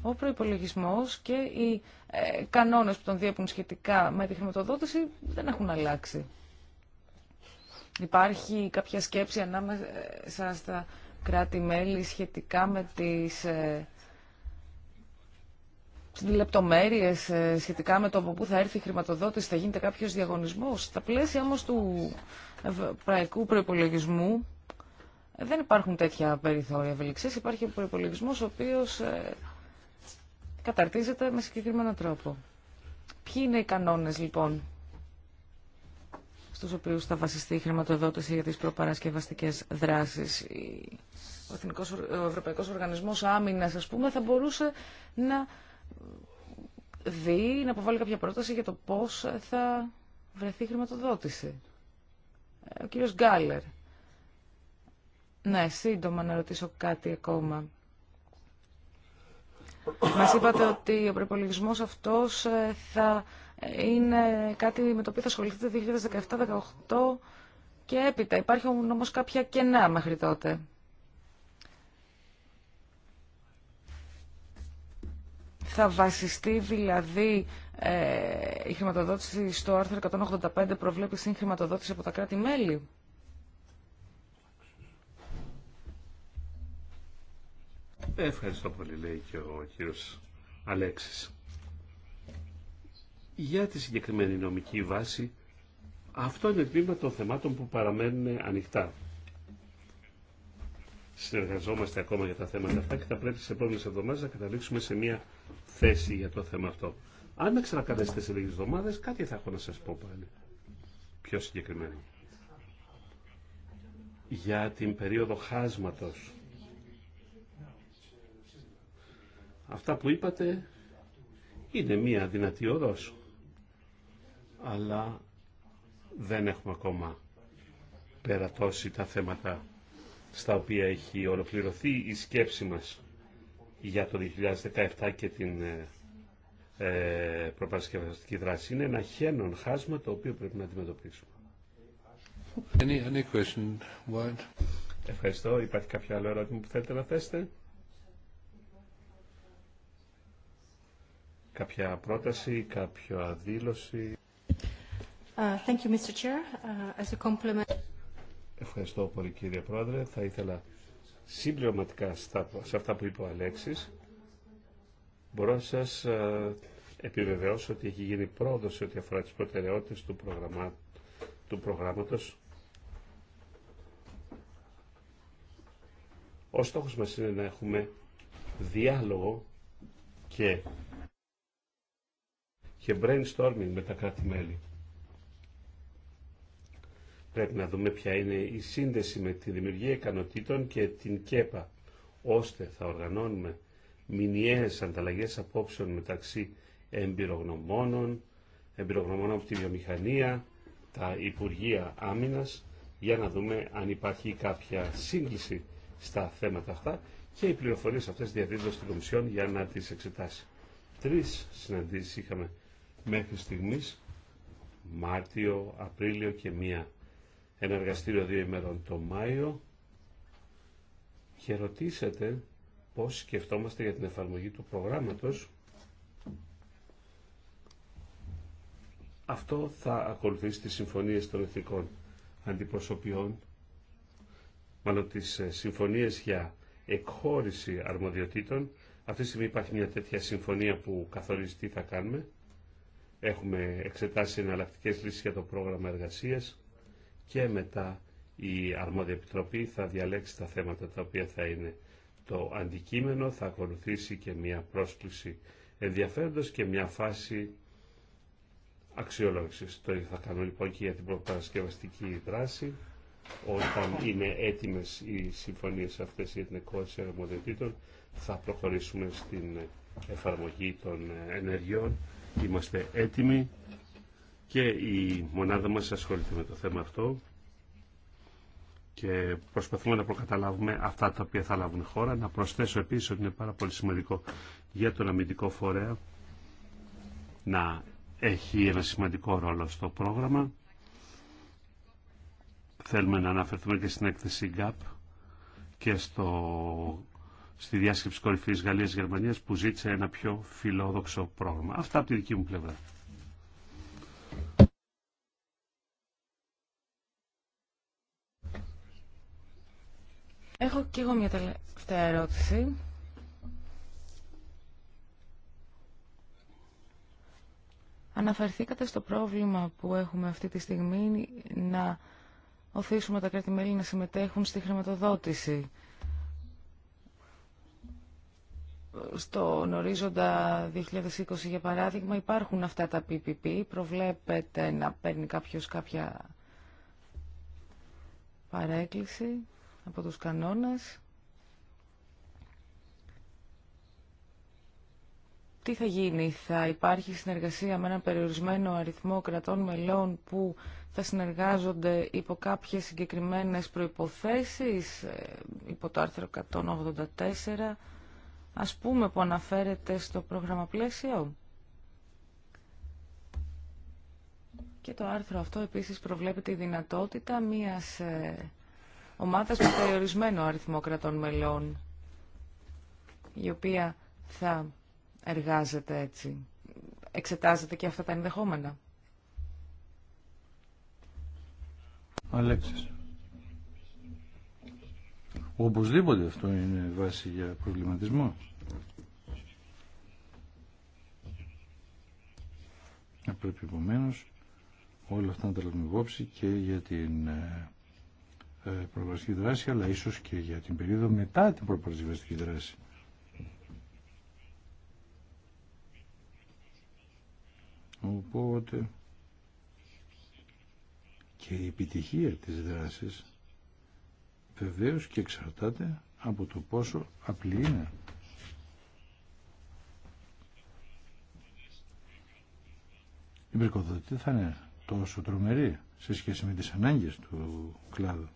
ο προϋπολογισμός και οι ε, κανόνες που τον διέπουν σχετικά με τη χρηματοδότηση δεν έχουν αλλάξει. Υπάρχει κάποια σκέψη ανάμεσα στα κράτη-μέλη σχετικά με τις ε, λεπτομέρειες, ε, σχετικά με το από πού θα έρθει η χρηματοδότηση, θα γίνεται κάποιος διαγωνισμός. Στα πλαίσια όμως του ευρωπαϊκού προπολογισμού δεν υπάρχουν τέτοια περιθώρια ευελιξία. Υπάρχει προπολογισμό ο οποίο ε, καταρτίζεται με συγκεκριμένο τρόπο. Ποιοι είναι οι κανόνε λοιπόν στους οποίους θα βασιστεί η χρηματοδότηση για τις προπαρασκευαστικές δράσεις. Ο, ο Ευρωπαϊκός Οργανισμός Άμυνας, πούμε, θα μπορούσε να δει, να αποβάλει κάποια πρόταση για το πώ θα βρεθεί η χρηματοδότηση. Ε, ο κύριος Γκάλερ. Ναι, σύντομα να ρωτήσω κάτι ακόμα. Μας είπατε ότι ο προπολογισμό αυτός ε, θα ε, είναι κάτι με το οποίο θα το 2017 2017-2018 και έπειτα. Υπάρχουν όμως κάποια κενά μέχρι τότε. Θα βασιστεί δηλαδή ε, η χρηματοδότηση στο άρθρο 185 προβλέπει χρηματοδότηση από τα κράτη-μέλη. Ευχαριστώ πολύ, λέει και ο κύριος Αλέξης. Για τη συγκεκριμένη νομική βάση, αυτό είναι το τμήμα των θεμάτων που παραμένουν ανοιχτά. Συνεργαζόμαστε ακόμα για τα θέματα αυτά και θα πρέπει σε επόμενες εβδομάδες να καταλήξουμε σε μια θέση για το θέμα αυτό. Αν με ξανακαλέσετε σε λίγε εβδομάδες, κάτι θα έχω να σας πω πάλι. Πιο συγκεκριμένο. Για την περίοδο χάσματος. Αυτά που είπατε είναι μία δυνατή οδός. Αλλά δεν έχουμε ακόμα περατώσει τα θέματα στα οποία έχει ολοκληρωθεί η σκέψη μας για το 2017 και την ε, ε, προπαρασκευαστική δράση. Είναι ένα χένον χάσμα το οποίο πρέπει να αντιμετωπίσουμε. Ευχαριστώ. Υπάρχει κάποιο άλλο ερώτημα που θέλετε να θέσετε. Κάποια πρόταση, κάποια δήλωση. Uh, thank you, Mr. Chair. Uh, as a compliment... Ευχαριστώ πολύ κύριε Πρόεδρε. Θα ήθελα συμπληρωματικά σε αυτά που είπε ο Αλέξης Μπορώ να σας ε, επιβεβαιώσω ότι έχει γίνει πρόοδο σε ό,τι αφορά τις προτεραιότητε του, προγραμμα... του προγράμματος. Ο στόχος μα είναι να έχουμε διάλογο και, και brainstorming με τα κράτη-μέλη. Πρέπει να δούμε ποια είναι η σύνδεση με τη δημιουργία ικανοτήτων και την ΚΕΠΑ, ώστε θα οργανώνουμε μηνιαίες ανταλλαγές απόψεων μεταξύ εμπειρογνωμόνων, εμπειρογνωμόνων από τη βιομηχανία, τα Υπουργεία Άμυνας, για να δούμε αν υπάρχει κάποια σύγκληση στα θέματα αυτά και οι πληροφορίες αυτές διαδίδονται στην Κομισιόν για να τις εξετάσει. Τρεις συναντήσεις είχαμε μέχρι στιγμής, Μάρτιο, Απρίλιο και μία ένα εργαστήριο δύο ημερών το Μάιο και ρωτήσατε πώς σκεφτόμαστε για την εφαρμογή του προγράμματος. Αυτό θα ακολουθήσει τις συμφωνίες των εθνικών αντιπροσωπιών, μάλλον τις ε, συμφωνίες για εκχώρηση αρμοδιοτήτων. Αυτή τη στιγμή υπάρχει μια τέτοια συμφωνία που καθορίζει τι θα κάνουμε. Έχουμε εξετάσει εναλλακτικέ λύσεις για το πρόγραμμα εργασίας και μετά η αρμόδια επιτροπή θα διαλέξει τα θέματα τα οποία θα είναι το αντικείμενο, θα ακολουθήσει και μια πρόσκληση ενδιαφέροντος και μια φάση αξιολόγησης. Το θα κάνω λοιπόν και για την προπαρασκευαστική δράση, όταν είναι έτοιμες οι συμφωνίες αυτές για την εκκόρυψη θα προχωρήσουμε στην εφαρμογή των ενεργειών. Είμαστε έτοιμοι και η μονάδα μας ασχολείται με το θέμα αυτό και προσπαθούμε να προκαταλάβουμε αυτά τα οποία θα λάβουν χώρα. Να προσθέσω επίσης ότι είναι πάρα πολύ σημαντικό για τον αμυντικό φορέα να έχει ένα σημαντικό ρόλο στο πρόγραμμα. Θέλουμε να αναφερθούμε και στην έκθεση GAP και στο, στη διάσκεψη κορυφής Γαλλίας-Γερμανίας που ζήτησε ένα πιο φιλόδοξο πρόγραμμα. Αυτά από τη δική μου πλευρά. Έχω και εγώ μια τελευταία ερώτηση. Αναφερθήκατε στο πρόβλημα που έχουμε αυτή τη στιγμή να οθήσουμε τα κράτη-μέλη να συμμετέχουν στη χρηματοδότηση στον ορίζοντα 2020 για παράδειγμα υπάρχουν αυτά τα PPP, προβλέπετε να παίρνει κάποιος κάποια παρέκκληση από τους κανόνες. Τι θα γίνει, θα υπάρχει συνεργασία με ένα περιορισμένο αριθμό κρατών μελών που θα συνεργάζονται υπό κάποιες συγκεκριμένες προϋποθέσεις, ε, υπό το άρθρο 184, ας πούμε που αναφέρεται στο πρόγραμμα πλαίσιο. Και το άρθρο αυτό επίσης προβλέπει τη δυνατότητα μιας ε, ομάδας με περιορισμένο αριθμό κρατών μελών, η οποία θα εργάζεται έτσι. Εξετάζεται και αυτά τα ενδεχόμενα. Αλέξης. Οπωσδήποτε αυτό είναι βάση για προβληματισμό. Πρέπει επομένως όλα αυτά να τα λάβουμε υπόψη και για την ε, ε, προπαρασκευαστική δράση αλλά ίσως και για την περίοδο μετά την προπαρασκευαστική δράση. Οπότε και η επιτυχία της δράσης βεβαίως και εξαρτάται από το πόσο απλή είναι. Η πρικοδοτή θα είναι τόσο τρομερή σε σχέση με τις ανάγκες του κλάδου.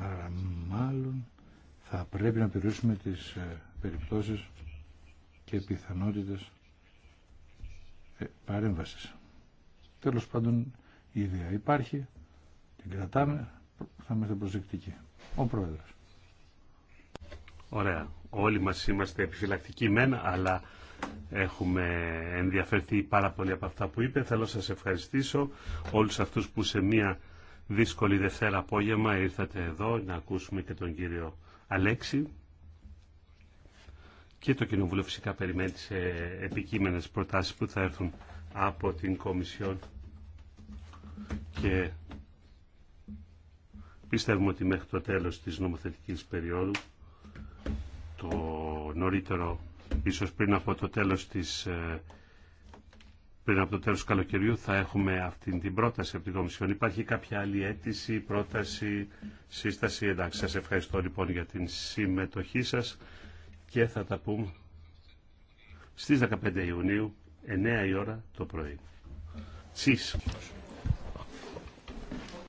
Άρα μάλλον θα πρέπει να περιορίσουμε τις ε, περιπτώσεις και πιθανότητες ε, παρέμβασης. Τέλος πάντων η ιδέα υπάρχει, την κρατάμε, θα είμαστε προσεκτικοί. Ο Πρόεδρος. Ωραία. Όλοι μας είμαστε επιφυλακτικοί μένα αλλά έχουμε ενδιαφερθεί πάρα πολύ από αυτά που είπε. Θέλω να σας ευχαριστήσω όλους αυτούς που σε μία δύσκολη Δευτέρα απόγευμα ήρθατε εδώ να ακούσουμε και τον κύριο Αλέξη και το Κοινοβούλιο φυσικά περιμένει σε επικείμενες προτάσεις που θα έρθουν από την Κομισιόν και πιστεύουμε ότι μέχρι το τέλος της νομοθετικής περίοδου το νωρίτερο ίσως πριν από το τέλος της ε, πριν από το τέλος του καλοκαιριού θα έχουμε αυτή την πρόταση από την Κομισιόν. Υπάρχει κάποια άλλη αίτηση, πρόταση, σύσταση. Εντάξει, σας ευχαριστώ λοιπόν για την συμμετοχή σας και θα τα πούμε στις 15 Ιουνίου, 9 η ώρα το πρωί. Τσίς.